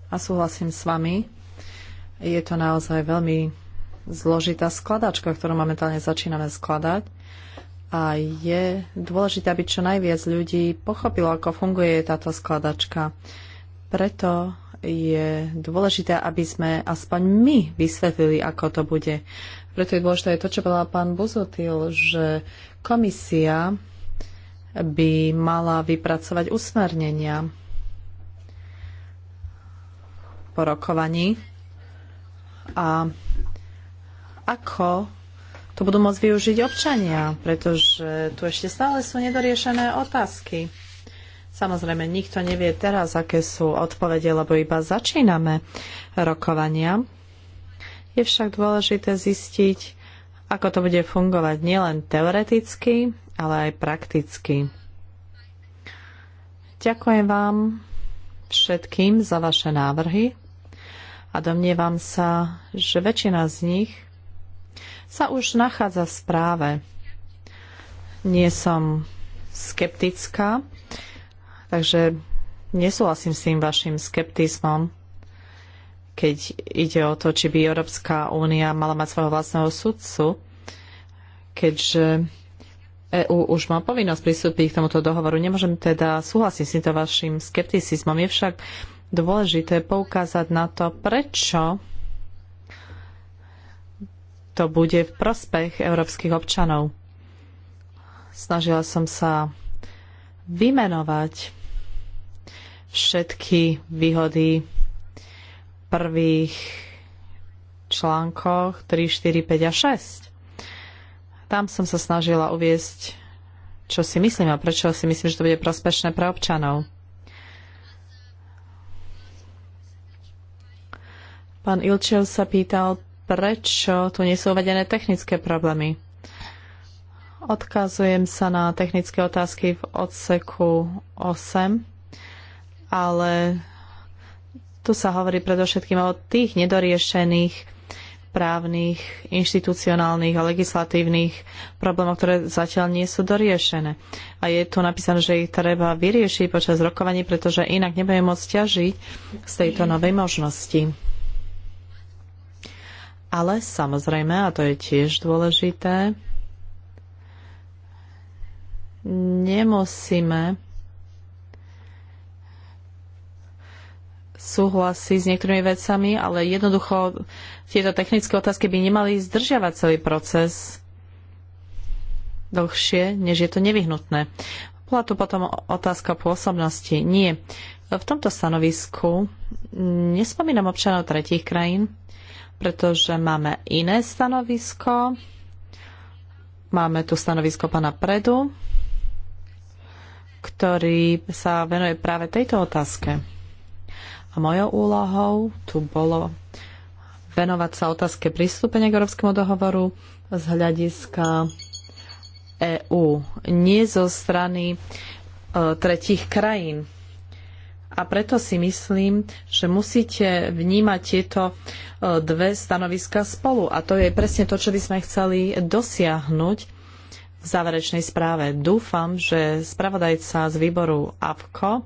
A súhlasím s vami je to naozaj veľmi zložitá skladačka, ktorú momentálne začíname skladať. A je dôležité, aby čo najviac ľudí pochopilo, ako funguje táto skladačka. Preto je dôležité, aby sme aspoň my vysvetlili, ako to bude. Preto je dôležité aj to, čo povedal pán Buzotil, že komisia by mala vypracovať usmernenia po rokovaní a ako to budú môcť využiť občania, pretože tu ešte stále sú nedoriešené otázky. Samozrejme, nikto nevie teraz, aké sú odpovede, lebo iba začíname rokovania. Je však dôležité zistiť, ako to bude fungovať nielen teoreticky, ale aj prakticky. Ďakujem vám všetkým za vaše návrhy a domnievam sa, že väčšina z nich sa už nachádza v správe. Nie som skeptická, takže nesúhlasím s tým vašim skeptizmom, keď ide o to, či by Európska únia mala mať svojho vlastného sudcu, keďže EÚ už má povinnosť pristúpiť k tomuto dohovoru. Nemôžem teda súhlasiť s týmto vašim skepticizmom. Je však dôležité poukázať na to, prečo to bude v prospech európskych občanov. Snažila som sa vymenovať všetky výhody prvých článkoch 3, 4, 5 a 6. Tam som sa snažila uviesť, čo si myslím a prečo si myslím, že to bude prospešné pre občanov. Pán Ilčev sa pýtal, prečo tu nie sú uvedené technické problémy. Odkazujem sa na technické otázky v odseku 8, ale tu sa hovorí predovšetkým o tých nedoriešených právnych, inštitucionálnych a legislatívnych problémov, ktoré zatiaľ nie sú doriešené. A je tu napísané, že ich treba vyriešiť počas rokovaní, pretože inak nebudeme môcť ťažiť z tejto novej možnosti. Ale samozrejme, a to je tiež dôležité, nemusíme súhlasí s niektorými vecami, ale jednoducho tieto technické otázky by nemali zdržiavať celý proces dlhšie, než je to nevyhnutné. Bola tu potom otázka pôsobnosti. Nie. V tomto stanovisku nespomínam občanov tretích krajín, pretože máme iné stanovisko. Máme tu stanovisko pána Predu, ktorý sa venuje práve tejto otázke. A mojou úlohou tu bolo venovať sa otázke pristúpenia k Európskemu dohovoru z hľadiska EÚ, nie zo strany e, tretích krajín a preto si myslím, že musíte vnímať tieto e, dve stanoviska spolu. A to je presne to, čo by sme chceli dosiahnuť v záverečnej správe. Dúfam, že spravodajca z výboru AVKO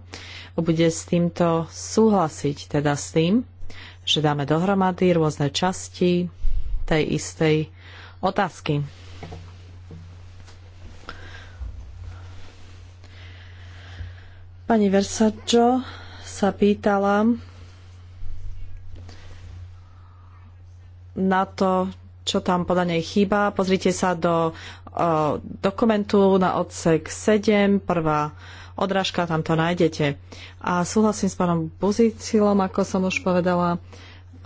bude s týmto súhlasiť, teda s tým, že dáme dohromady rôzne časti tej istej otázky. Pani Versaggio sa pýtala na to, čo tam podľa nej chýba. Pozrite sa do o, dokumentu na odsek 7, prvá odrážka, tam to nájdete. A súhlasím s pánom Buzicilom, ako som už povedala,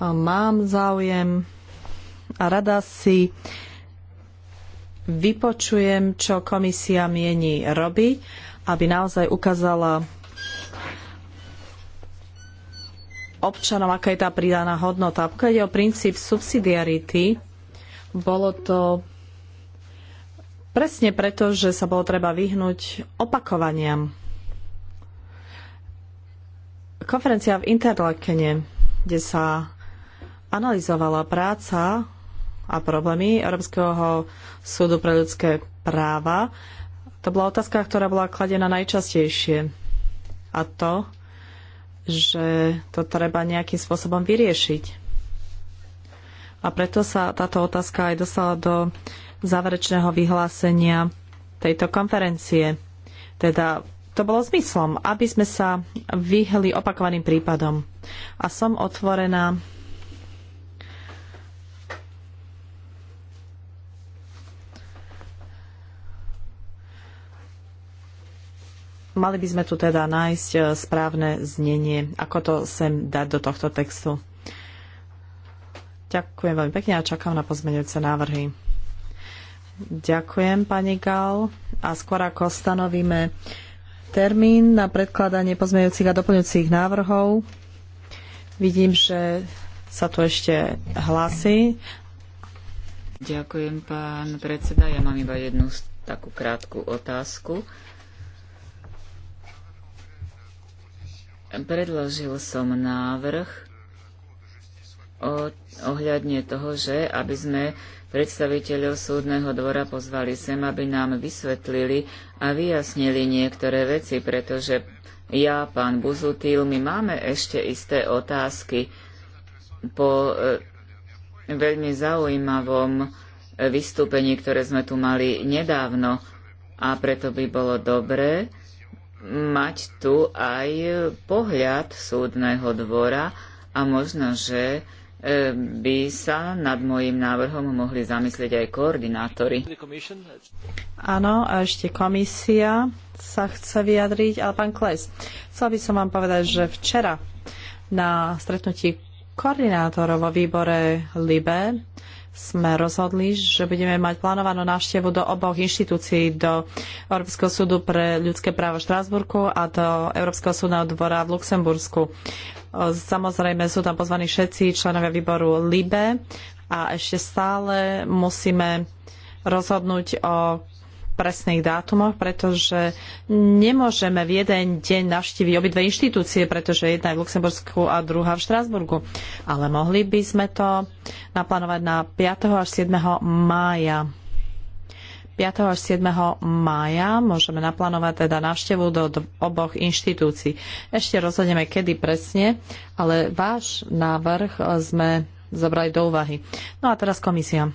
mám záujem a rada si vypočujem, čo komisia mieni robiť, aby naozaj ukázala občanom, aká je tá pridaná hodnota. Pokiaľ ide o princíp subsidiarity, bolo to presne preto, že sa bolo treba vyhnúť opakovaniam. Konferencia v Interlakene, kde sa analyzovala práca a problémy Európskeho súdu pre ľudské práva. To bola otázka, ktorá bola kladená najčastejšie. A to, že to treba nejakým spôsobom vyriešiť. A preto sa táto otázka aj dostala do záverečného vyhlásenia tejto konferencie. Teda to bolo zmyslom, aby sme sa vyhli opakovaným prípadom. A som otvorená Mali by sme tu teda nájsť e, správne znenie, ako to sem dať do tohto textu. Ďakujem veľmi pekne a čakám na pozmeňujúce návrhy. Ďakujem, pani Gal. A skôr ako stanovíme termín na predkladanie pozmeňujúcich a doplňujúcich návrhov, vidím, že sa tu ešte hlási. Ďakujem, pán predseda. Ja mám iba jednu takú krátku otázku Predložil som návrh o, ohľadne toho, že aby sme predstaviteľov súdneho dvora pozvali sem, aby nám vysvetlili a vyjasnili niektoré veci, pretože ja, pán Buzutil, my máme ešte isté otázky po e, veľmi zaujímavom vystúpení, ktoré sme tu mali nedávno a preto by bolo dobré, mať tu aj pohľad súdneho dvora a možno, že e, by sa nad môjim návrhom mohli zamyslieť aj koordinátori. Áno, a ešte komisia sa chce vyjadriť, ale pán Kles, chcel by som vám povedať, že včera na stretnutí koordinátorov vo výbore LIBE sme rozhodli, že budeme mať plánovanú návštevu do oboch inštitúcií, do Európskeho súdu pre ľudské právo v Štrásburku a do Európskeho súdneho dvora v Luxembursku. Samozrejme sú tam pozvaní všetci členovia výboru LIBE a ešte stále musíme rozhodnúť o presných dátumoch, pretože nemôžeme v jeden deň navštíviť obidve inštitúcie, pretože jedna je v Luxembursku a druhá v Štrásburgu. Ale mohli by sme to naplánovať na 5. až 7. mája. 5. až 7. mája môžeme naplánovať teda návštevu do oboch inštitúcií. Ešte rozhodneme, kedy presne, ale váš návrh sme zobrali do úvahy. No a teraz komisia.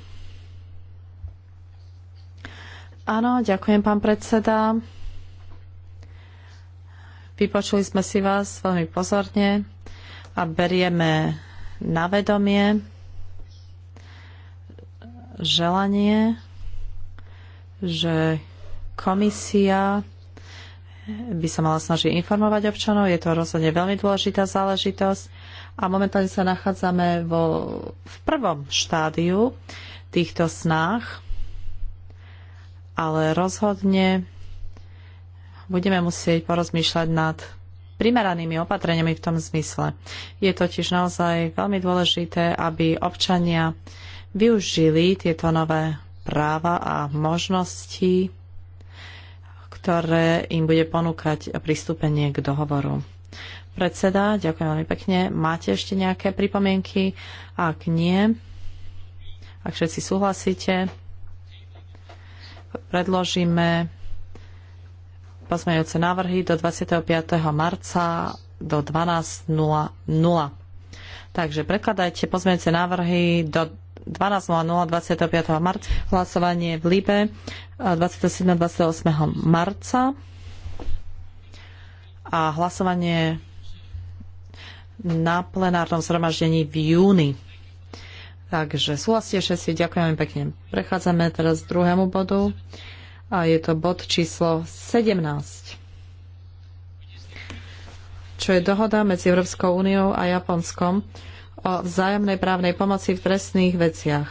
Áno, ďakujem, pán predseda. Vypočuli sme si vás veľmi pozorne a berieme na vedomie želanie, že komisia by sa mala snažiť informovať občanov. Je to rozhodne veľmi dôležitá záležitosť a momentálne sa nachádzame vo, v prvom štádiu týchto snách ale rozhodne budeme musieť porozmýšľať nad primeranými opatreniami v tom zmysle. Je totiž naozaj veľmi dôležité, aby občania využili tieto nové práva a možnosti, ktoré im bude ponúkať pristúpenie k dohovoru. Predseda, ďakujem veľmi pekne. Máte ešte nejaké pripomienky? Ak nie, ak všetci súhlasíte, predložíme pozmeňujúce návrhy do 25. marca do 12.00. Takže prekladajte pozmeňujúce návrhy do 12.00 25. marca. Hlasovanie v libe 27. 28. marca. A hlasovanie na plenárnom zhromaždení v júni. Takže súhlasíte všetci, ďakujem pekne. Prechádzame teraz k druhému bodu a je to bod číslo 17 čo je dohoda medzi Európskou úniou a Japonskom o vzájomnej právnej pomoci v trestných veciach.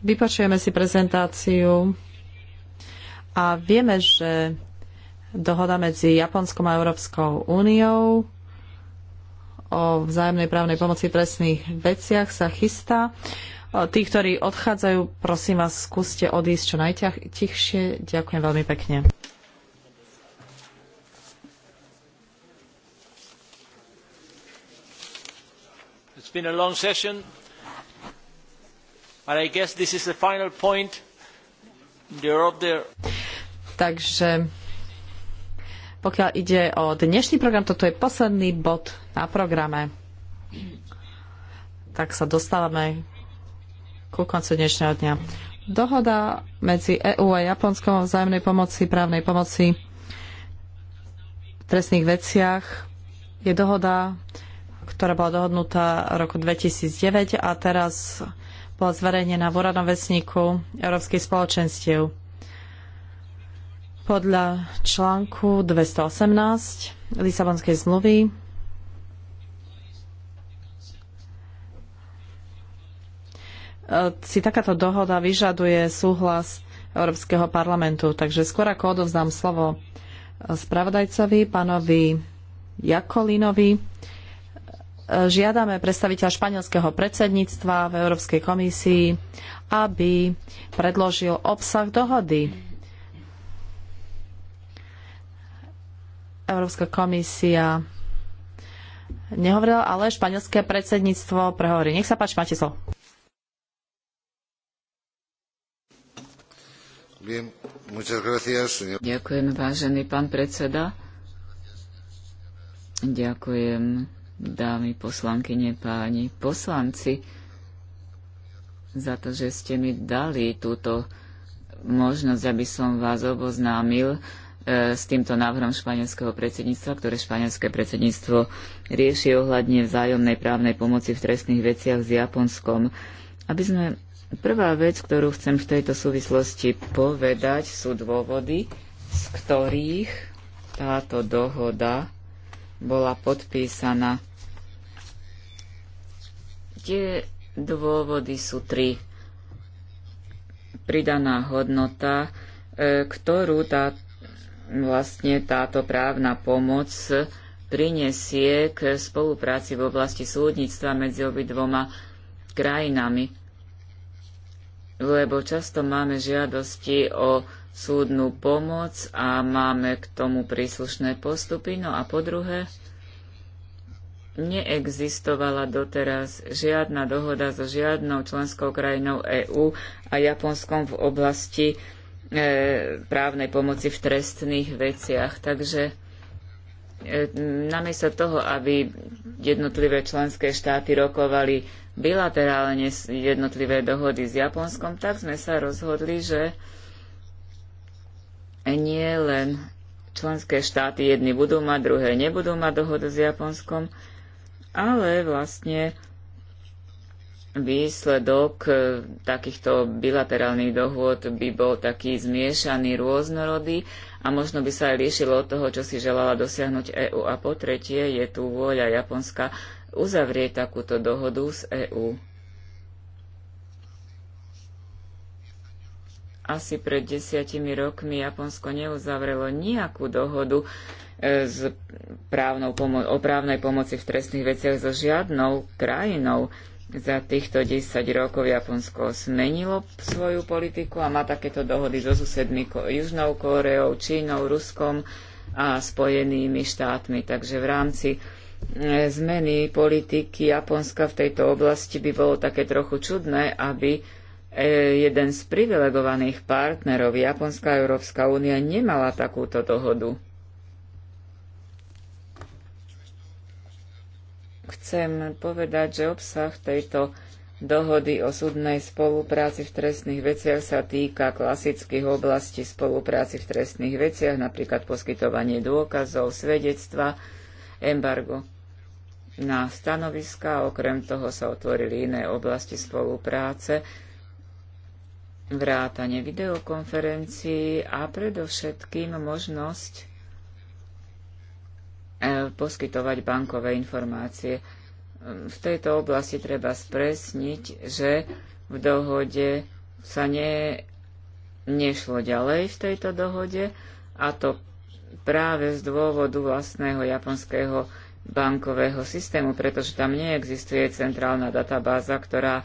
Vypočujeme si prezentáciu a vieme, že dohoda medzi Japonskom a Európskou úniou o vzájomnej právnej pomoci v trestných veciach sa chystá. Tí, ktorí odchádzajú, prosím vás, skúste odísť čo najtichšie. Ďakujem veľmi pekne. It's been a long session, but I guess this is the final point. Takže pokiaľ ide o dnešný program, toto je posledný bod na programe. Tak sa dostávame ku koncu dnešného dňa. Dohoda medzi EÚ a Japonskom o vzájomnej pomoci, právnej pomoci v trestných veciach je dohoda, ktorá bola dohodnutá roku 2009 a teraz bola zverejnená v úradnom vesníku Európskych spoločenstiev. Podľa článku 218 Lisabonskej zmluvy e, si takáto dohoda vyžaduje súhlas Európskeho parlamentu. Takže skôr ako odovzdám slovo spravodajcovi, pánovi Jakolinovi, e, žiadame predstaviteľa španielského predsedníctva v Európskej komisii, aby predložil obsah dohody Európska komisia nehovorila, ale španielské predsedníctvo prehovorí. Nech sa páči, máte slovo. Ďakujem, vážený pán predseda. Ďakujem, dámy poslankyne, páni poslanci, za to, že ste mi dali túto možnosť, aby som vás oboznámil E, s týmto návrhom španielského predsedníctva, ktoré španielské predsedníctvo rieši ohľadne vzájomnej právnej pomoci v trestných veciach s Japonskom. Aby sme, prvá vec, ktorú chcem v tejto súvislosti povedať, sú dôvody, z ktorých táto dohoda bola podpísaná. Tie dôvody sú tri. Pridaná hodnota, e, ktorú táto vlastne táto právna pomoc prinesie k spolupráci v oblasti súdnictva medzi obidvoma krajinami. Lebo často máme žiadosti o súdnu pomoc a máme k tomu príslušné postupy. No a po druhé, neexistovala doteraz žiadna dohoda so žiadnou členskou krajinou EÚ a Japonskom v oblasti E, právnej pomoci v trestných veciach. Takže e, namiesto toho, aby jednotlivé členské štáty rokovali bilaterálne jednotlivé dohody s Japonskom, tak sme sa rozhodli, že nie len členské štáty jedni budú mať, druhé nebudú mať dohodu s Japonskom, ale vlastne výsledok e, takýchto bilaterálnych dohôd by bol taký zmiešaný, rôznorodý a možno by sa aj líšilo od toho, čo si želala dosiahnuť EÚ. A po tretie je tu vôľa Japonska uzavrieť takúto dohodu s EÚ. Asi pred desiatimi rokmi Japonsko neuzavrelo nejakú dohodu e, s právnou pomo- o právnej pomoci v trestných veciach so žiadnou krajinou. Za týchto 10 rokov Japonsko zmenilo svoju politiku a má takéto dohody so susedmi Južnou Kóreou, Čínou, Ruskom a Spojenými štátmi. Takže v rámci e, zmeny politiky Japonska v tejto oblasti by bolo také trochu čudné, aby e, jeden z privilegovaných partnerov Japonská a Európska únia nemala takúto dohodu. Chcem povedať, že obsah tejto dohody o súdnej spolupráci v trestných veciach sa týka klasických oblastí spolupráci v trestných veciach, napríklad poskytovanie dôkazov, svedectva, embargo na stanoviska. Okrem toho sa otvorili iné oblasti spolupráce, vrátanie videokonferencií a predovšetkým možnosť E, poskytovať bankové informácie. E, v tejto oblasti treba spresniť, že v dohode sa ne, nešlo ďalej v tejto dohode a to práve z dôvodu vlastného japonského bankového systému, pretože tam neexistuje centrálna databáza, ktorá e,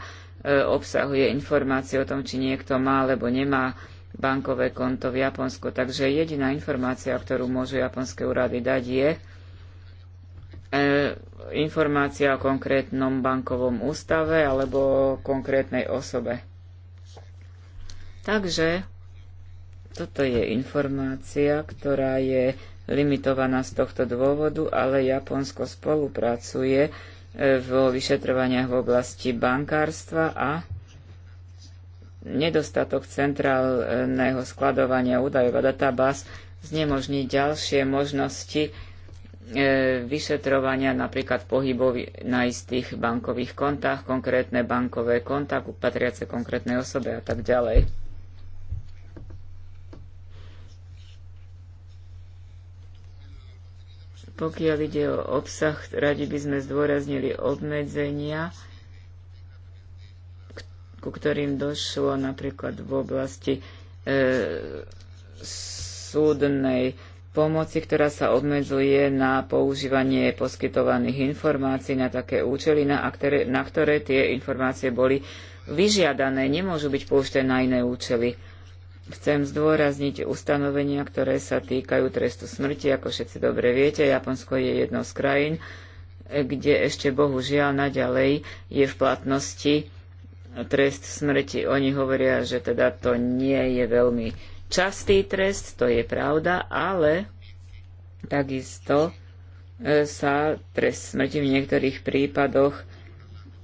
obsahuje informácie o tom, či niekto má alebo nemá bankové konto v Japonsku. Takže jediná informácia, ktorú môžu japonské úrady dať, je, E, informácia o konkrétnom bankovom ústave alebo o konkrétnej osobe. Takže toto je informácia, ktorá je limitovaná z tohto dôvodu, ale Japonsko spolupracuje e, vo vyšetrovaniach v oblasti bankárstva a nedostatok centrálneho skladovania údajov a databáz znemožní ďalšie možnosti E, vyšetrovania napríklad pohybov na istých bankových kontách, konkrétne bankové konta patriace konkrétnej osobe a tak ďalej. Pokiaľ ide o obsah, radi by sme zdôraznili obmedzenia, ku ktorým došlo napríklad v oblasti e, súdnej pomoci, ktorá sa obmedzuje na používanie poskytovaných informácií na také účely, na, ktoré, na ktoré tie informácie boli vyžiadané, nemôžu byť použité na iné účely. Chcem zdôrazniť ustanovenia, ktoré sa týkajú trestu smrti. Ako všetci dobre viete, Japonsko je jednou z krajín, kde ešte bohužiaľ naďalej je v platnosti trest smrti. Oni hovoria, že teda to nie je veľmi častý trest, to je pravda, ale takisto e, sa trest smrti v niektorých prípadoch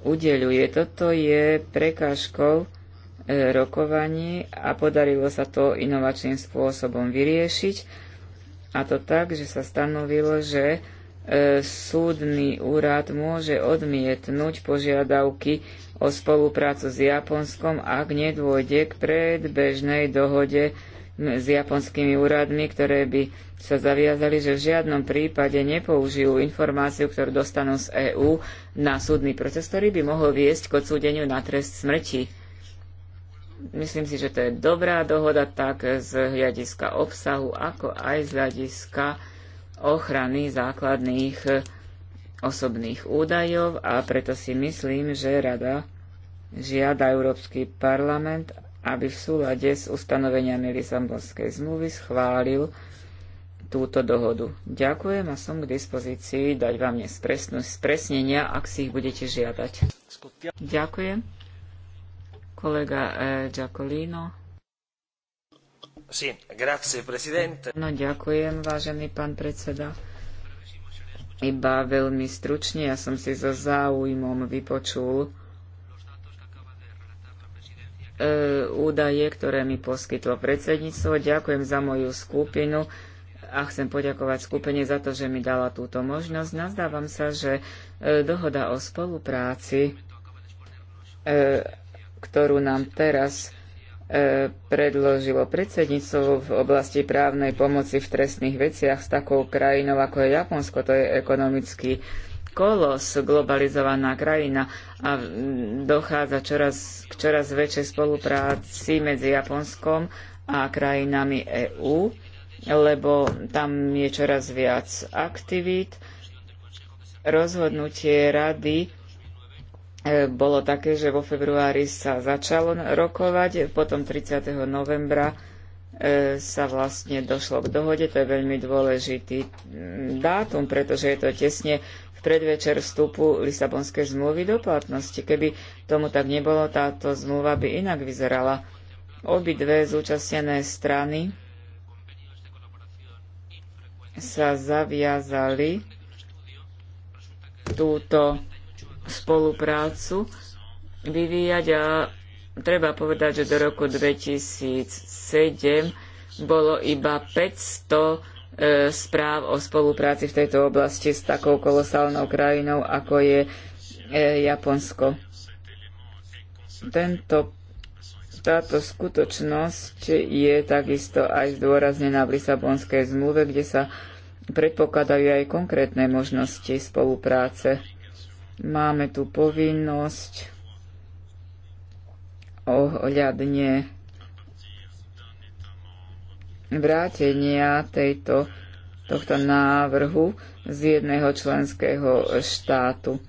udeľuje. Toto je prekážkou e, rokovaní a podarilo sa to inovačným spôsobom vyriešiť. A to tak, že sa stanovilo, že e, súdny úrad môže odmietnúť požiadavky o spoluprácu s Japonskom, ak nedôjde k predbežnej dohode s japonskými úradmi, ktoré by sa zaviazali, že v žiadnom prípade nepoužijú informáciu, ktorú dostanú z EÚ na súdny proces, ktorý by mohol viesť k odsúdeniu na trest smrti. Myslím si, že to je dobrá dohoda tak z hľadiska obsahu, ako aj z hľadiska ochrany základných eh, osobných údajov a preto si myslím, že Rada žiada Európsky parlament, aby v súlade s ustanoveniami Lisabonskej zmluvy schválil túto dohodu. Ďakujem a som k dispozícii dať vám nespresnú spresnenia, ak si ich budete žiadať. Ďakujem. Kolega eh, Giacolino. grazie, presidente. No ďakujem, vážený pán predseda. Iba veľmi stručne, ja som si so záujmom vypočul E, údaje, ktoré mi poskytlo predsedníctvo. Ďakujem za moju skupinu a chcem poďakovať skupine za to, že mi dala túto možnosť. Nazdávam sa, že e, dohoda o spolupráci, e, ktorú nám teraz predložilo predsedníctvo v oblasti právnej pomoci v trestných veciach s takou krajinou ako je Japonsko, to je ekonomický kolos, globalizovaná krajina a dochádza čoraz, k čoraz väčšej spolupráci medzi Japonskom a krajinami EÚ, lebo tam je čoraz viac aktivít. Rozhodnutie rady e, bolo také, že vo februári sa začalo rokovať, potom 30. novembra e, sa vlastne došlo k dohode. To je veľmi dôležitý dátum, pretože je to tesne predvečer vstupu Lisabonskej zmluvy do platnosti. Keby tomu tak nebolo, táto zmluva by inak vyzerala. Obidve zúčastnené strany sa zaviazali túto spoluprácu vyvíjať a treba povedať, že do roku 2007 bolo iba 500 E, správ o spolupráci v tejto oblasti s takou kolosálnou krajinou, ako je e, Japonsko. Tento, táto skutočnosť je takisto aj zdôraznená v Lisabonskej zmluve, kde sa predpokladajú aj konkrétne možnosti spolupráce. Máme tu povinnosť ohľadne vrátenia tejto, tohto návrhu z jedného členského štátu.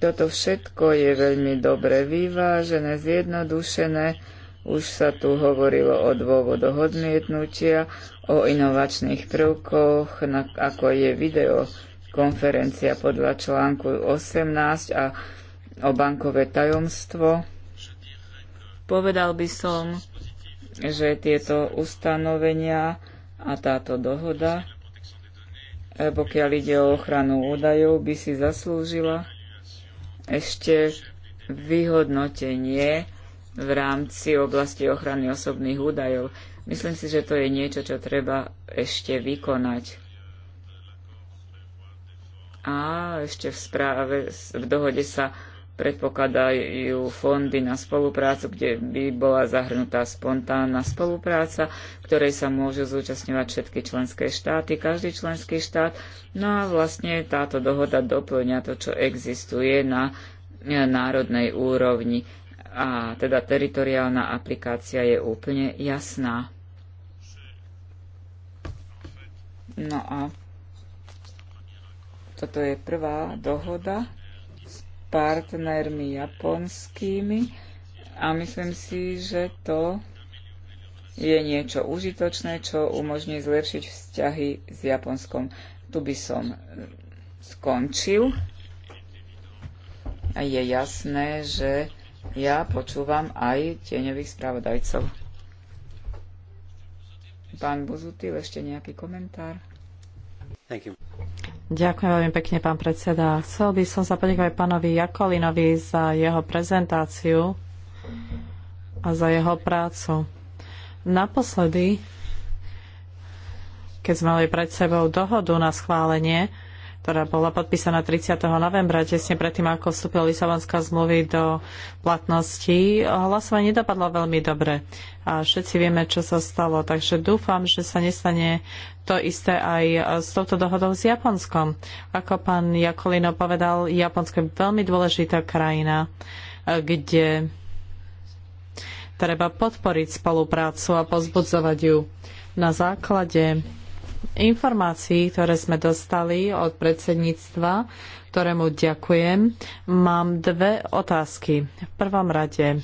Toto všetko je veľmi dobre vyvážené, zjednodušené. Už sa tu hovorilo o dôvodoch odmietnutia, o inovačných prvkoch, ako je videokonferencia podľa článku 18 a o bankové tajomstvo. Povedal by som, že tieto ustanovenia a táto dohoda, eh, pokiaľ ide o ochranu údajov, by si zaslúžila ešte vyhodnotenie v rámci oblasti ochrany osobných údajov. Myslím si, že to je niečo, čo treba ešte vykonať. A ešte v správe, v dohode sa predpokladajú fondy na spoluprácu, kde by bola zahrnutá spontánna spolupráca, ktorej sa môžu zúčastňovať všetky členské štáty, každý členský štát. No a vlastne táto dohoda doplňa to, čo existuje na e, národnej úrovni. A teda teritoriálna aplikácia je úplne jasná. No a toto je prvá dohoda, partnermi japonskými a myslím si, že to je niečo užitočné, čo umožní zlepšiť vzťahy s Japonskom. Tu by som skončil. A je jasné, že ja počúvam aj tieňových spravodajcov. Pán Buzutil, ešte nejaký komentár? Thank you. Ďakujem veľmi pekne, pán predseda. Chcel by som sa poďakovať pánovi Jakolinovi za jeho prezentáciu a za jeho prácu. Naposledy, keď sme mali pred sebou dohodu na schválenie, ktorá bola podpísaná 30. novembra, tesne predtým, ako vstúpila Lisabonská zmluvy do platnosti. Hlasovanie nedopadlo veľmi dobre a všetci vieme, čo sa stalo. Takže dúfam, že sa nestane to isté aj s touto dohodou s Japonskom. Ako pán Jakolino povedal, Japonsko je veľmi dôležitá krajina, kde treba podporiť spoluprácu a pozbudzovať ju na základe informácií, ktoré sme dostali od predsedníctva, ktorému ďakujem, mám dve otázky. V prvom rade,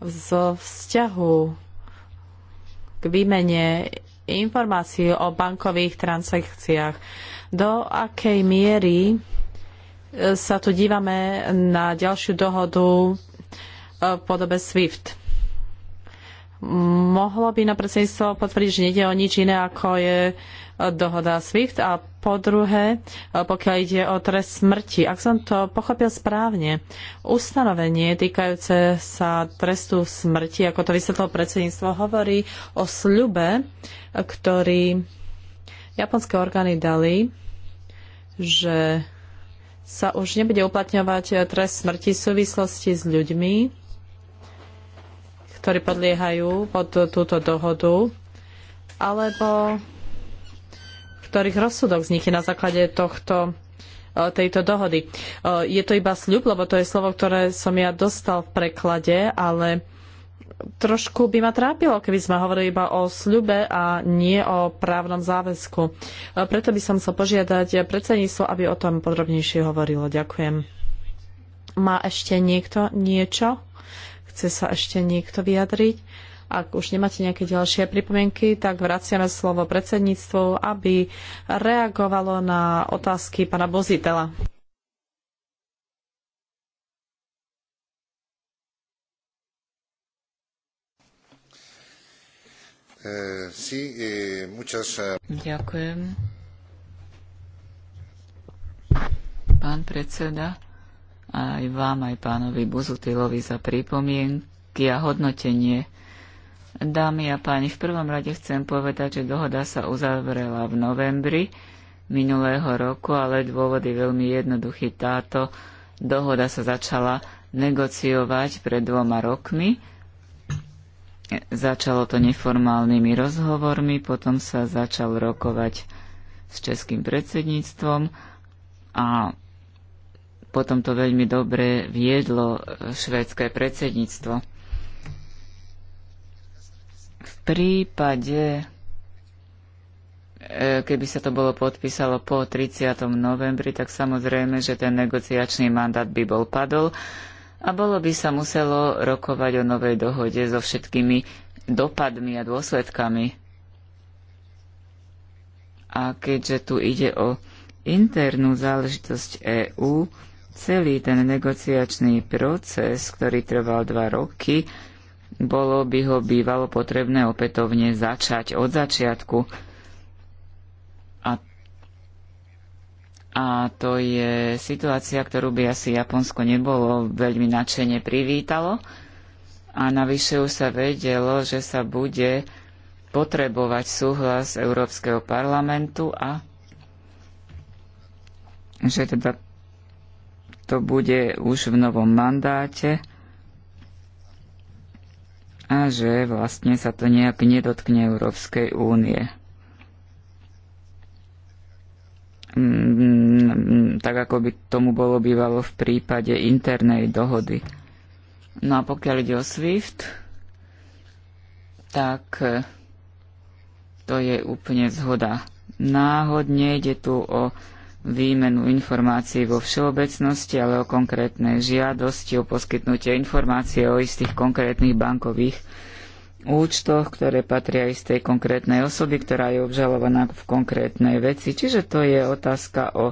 zo vzťahu k výmene informácií o bankových transakciách, do akej miery e, sa tu dívame na ďalšiu dohodu e, v podobe SWIFT mohlo by na predsedníctvo potvrdiť, že nejde o nič iné, ako je e, dohoda SWIFT a po druhé, e, pokiaľ ide o trest smrti. Ak som to pochopil správne, ustanovenie týkajúce sa trestu smrti, ako to vysvetlo predsedníctvo, hovorí o sľube, ktorý japonské orgány dali, že sa už nebude uplatňovať trest smrti v súvislosti s ľuďmi, ktorí podliehajú pod túto dohodu, alebo ktorých rozsudok vznikne na základe tohto e, tejto dohody. E, je to iba sľub, lebo to je slovo, ktoré som ja dostal v preklade, ale trošku by ma trápilo, keby sme hovorili iba o sľube a nie o právnom záväzku. E, preto by som sa požiadať predsedníctvo, aby o tom podrobnejšie hovorilo. Ďakujem. Má ešte niekto niečo? Chce sa ešte niekto vyjadriť? Ak už nemáte nejaké ďalšie pripomienky, tak vraciame slovo predsedníctvu, aby reagovalo na otázky pána Bozitela. Eh, eh, eh. Ďakujem. Pán predseda, aj vám, aj pánovi Buzutilovi za pripomienky a hodnotenie. Dámy a páni, v prvom rade chcem povedať, že dohoda sa uzavrela v novembri minulého roku, ale dôvod je veľmi jednoduchý. Táto dohoda sa začala negociovať pred dvoma rokmi. Začalo to neformálnymi rozhovormi, potom sa začal rokovať s českým predsedníctvom a potom to veľmi dobre viedlo e, švédske predsedníctvo. V prípade, e, keby sa to bolo podpísalo po 30. novembri, tak samozrejme, že ten negociačný mandát by bol padol a bolo by sa muselo rokovať o novej dohode so všetkými dopadmi a dôsledkami. A keďže tu ide o internú záležitosť EÚ, celý ten negociačný proces, ktorý trval dva roky, bolo by ho bývalo potrebné opätovne začať od začiatku. A, a to je situácia, ktorú by asi Japonsko nebolo veľmi nadšene privítalo. A navyše už sa vedelo, že sa bude potrebovať súhlas Európskeho parlamentu a že teda to bude už v novom mandáte a že vlastne sa to nejak nedotkne Európskej únie. Mm, tak ako by tomu bolo bývalo v prípade internej dohody. No a pokiaľ ide o SWIFT, tak e, to je úplne zhoda. Náhodne ide tu o výmenu informácií vo všeobecnosti, ale o konkrétnej žiadosti o poskytnutie informácie o istých konkrétnych bankových účtoch, ktoré patria istej konkrétnej osoby, ktorá je obžalovaná v konkrétnej veci. Čiže to je otázka o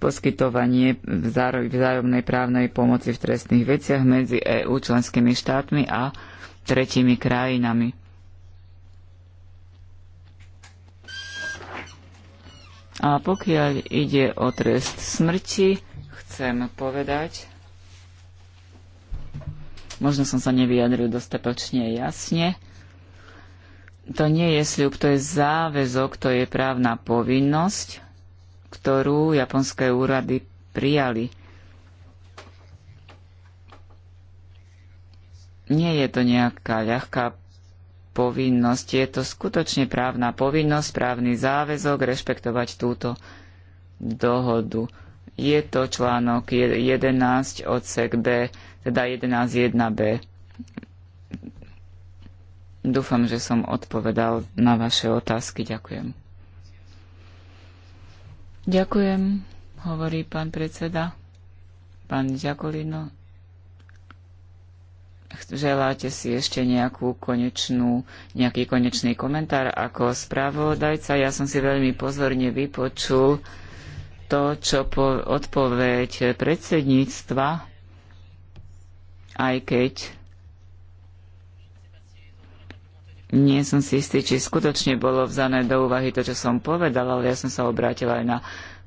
poskytovanie vzájomnej právnej pomoci v trestných veciach medzi EÚ členskými štátmi a tretími krajinami. A pokiaľ ide o trest smrti, chcem povedať, možno som sa nevyjadril dostatočne jasne, to nie je sľub, to je záväzok, to je právna povinnosť, ktorú japonské úrady prijali. Nie je to nejaká ľahká povinnosť. Je to skutočne právna povinnosť, právny záväzok rešpektovať túto dohodu. Je to článok 11 odsek B, teda 11.1b. Dúfam, že som odpovedal na vaše otázky. Ďakujem. Ďakujem, hovorí pán predseda. Pán Ďakolino, Želáte si ešte nejakú konečnú, nejaký konečný komentár ako spravodajca? Ja som si veľmi pozorne vypočul to, čo po, odpoveď predsedníctva, aj keď nie som si istý, či skutočne bolo vzané do úvahy to, čo som povedala, ale ja som sa obrátila aj na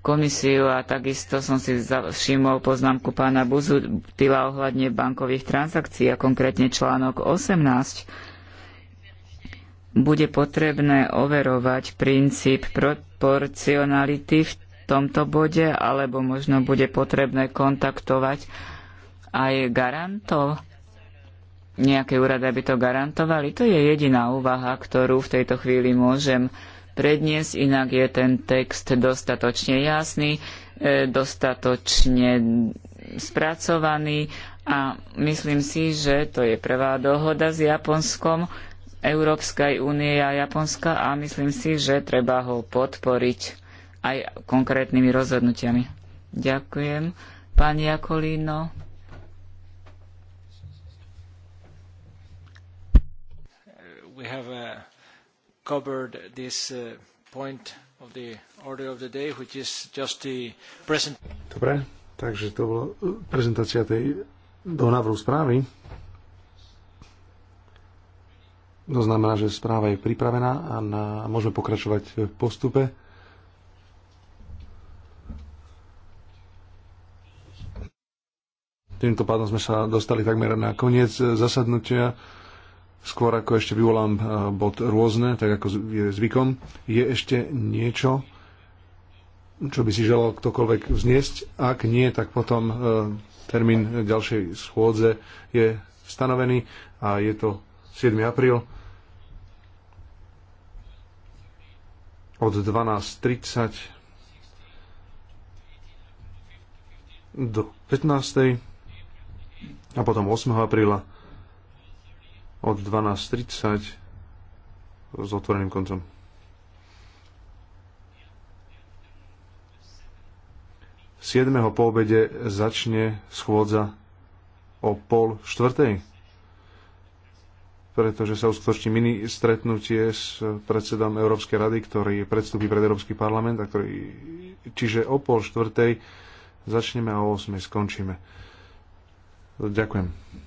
komisiu a takisto som si všimol poznámku pána Buzutila ohľadne bankových transakcií a konkrétne článok 18. Bude potrebné overovať princíp proporcionality v tomto bode, alebo možno bude potrebné kontaktovať aj garantov, nejaké úrady, aby to garantovali. To je jediná úvaha, ktorú v tejto chvíli môžem predniesť, inak je ten text dostatočne jasný, e, dostatočne spracovaný a myslím si, že to je prvá dohoda s Japonskom Európskej únie a Japonska a myslím si, že treba ho podporiť aj konkrétnymi rozhodnutiami. Ďakujem. Pani Jakolíno. We have a covered this uh, point of the order of the day, which is just the present... Dobre, takže to bola uh, prezentácia tej do návrhu správy. To znamená, že správa je pripravená a na, môžeme pokračovať v postupe. Týmto pádom sme sa dostali takmer na koniec zasadnutia skôr ako ešte vyvolám eh, bod rôzne, tak ako je zvykom, je ešte niečo, čo by si želal ktokoľvek vzniesť. Ak nie, tak potom eh, termín ďalšej schôdze je stanovený a je to 7. apríl od 12.30 do 15. a potom 8. apríla od 12.30 s otvoreným koncom. Siedmeho po obede začne schôdza o pol štvrtej, pretože sa uskutoční mini stretnutie s predsedom Európskej rady, ktorý predstupí pred Európsky parlament, a ktorý, čiže o pol štvrtej začneme a o 8 skončíme. Ďakujem.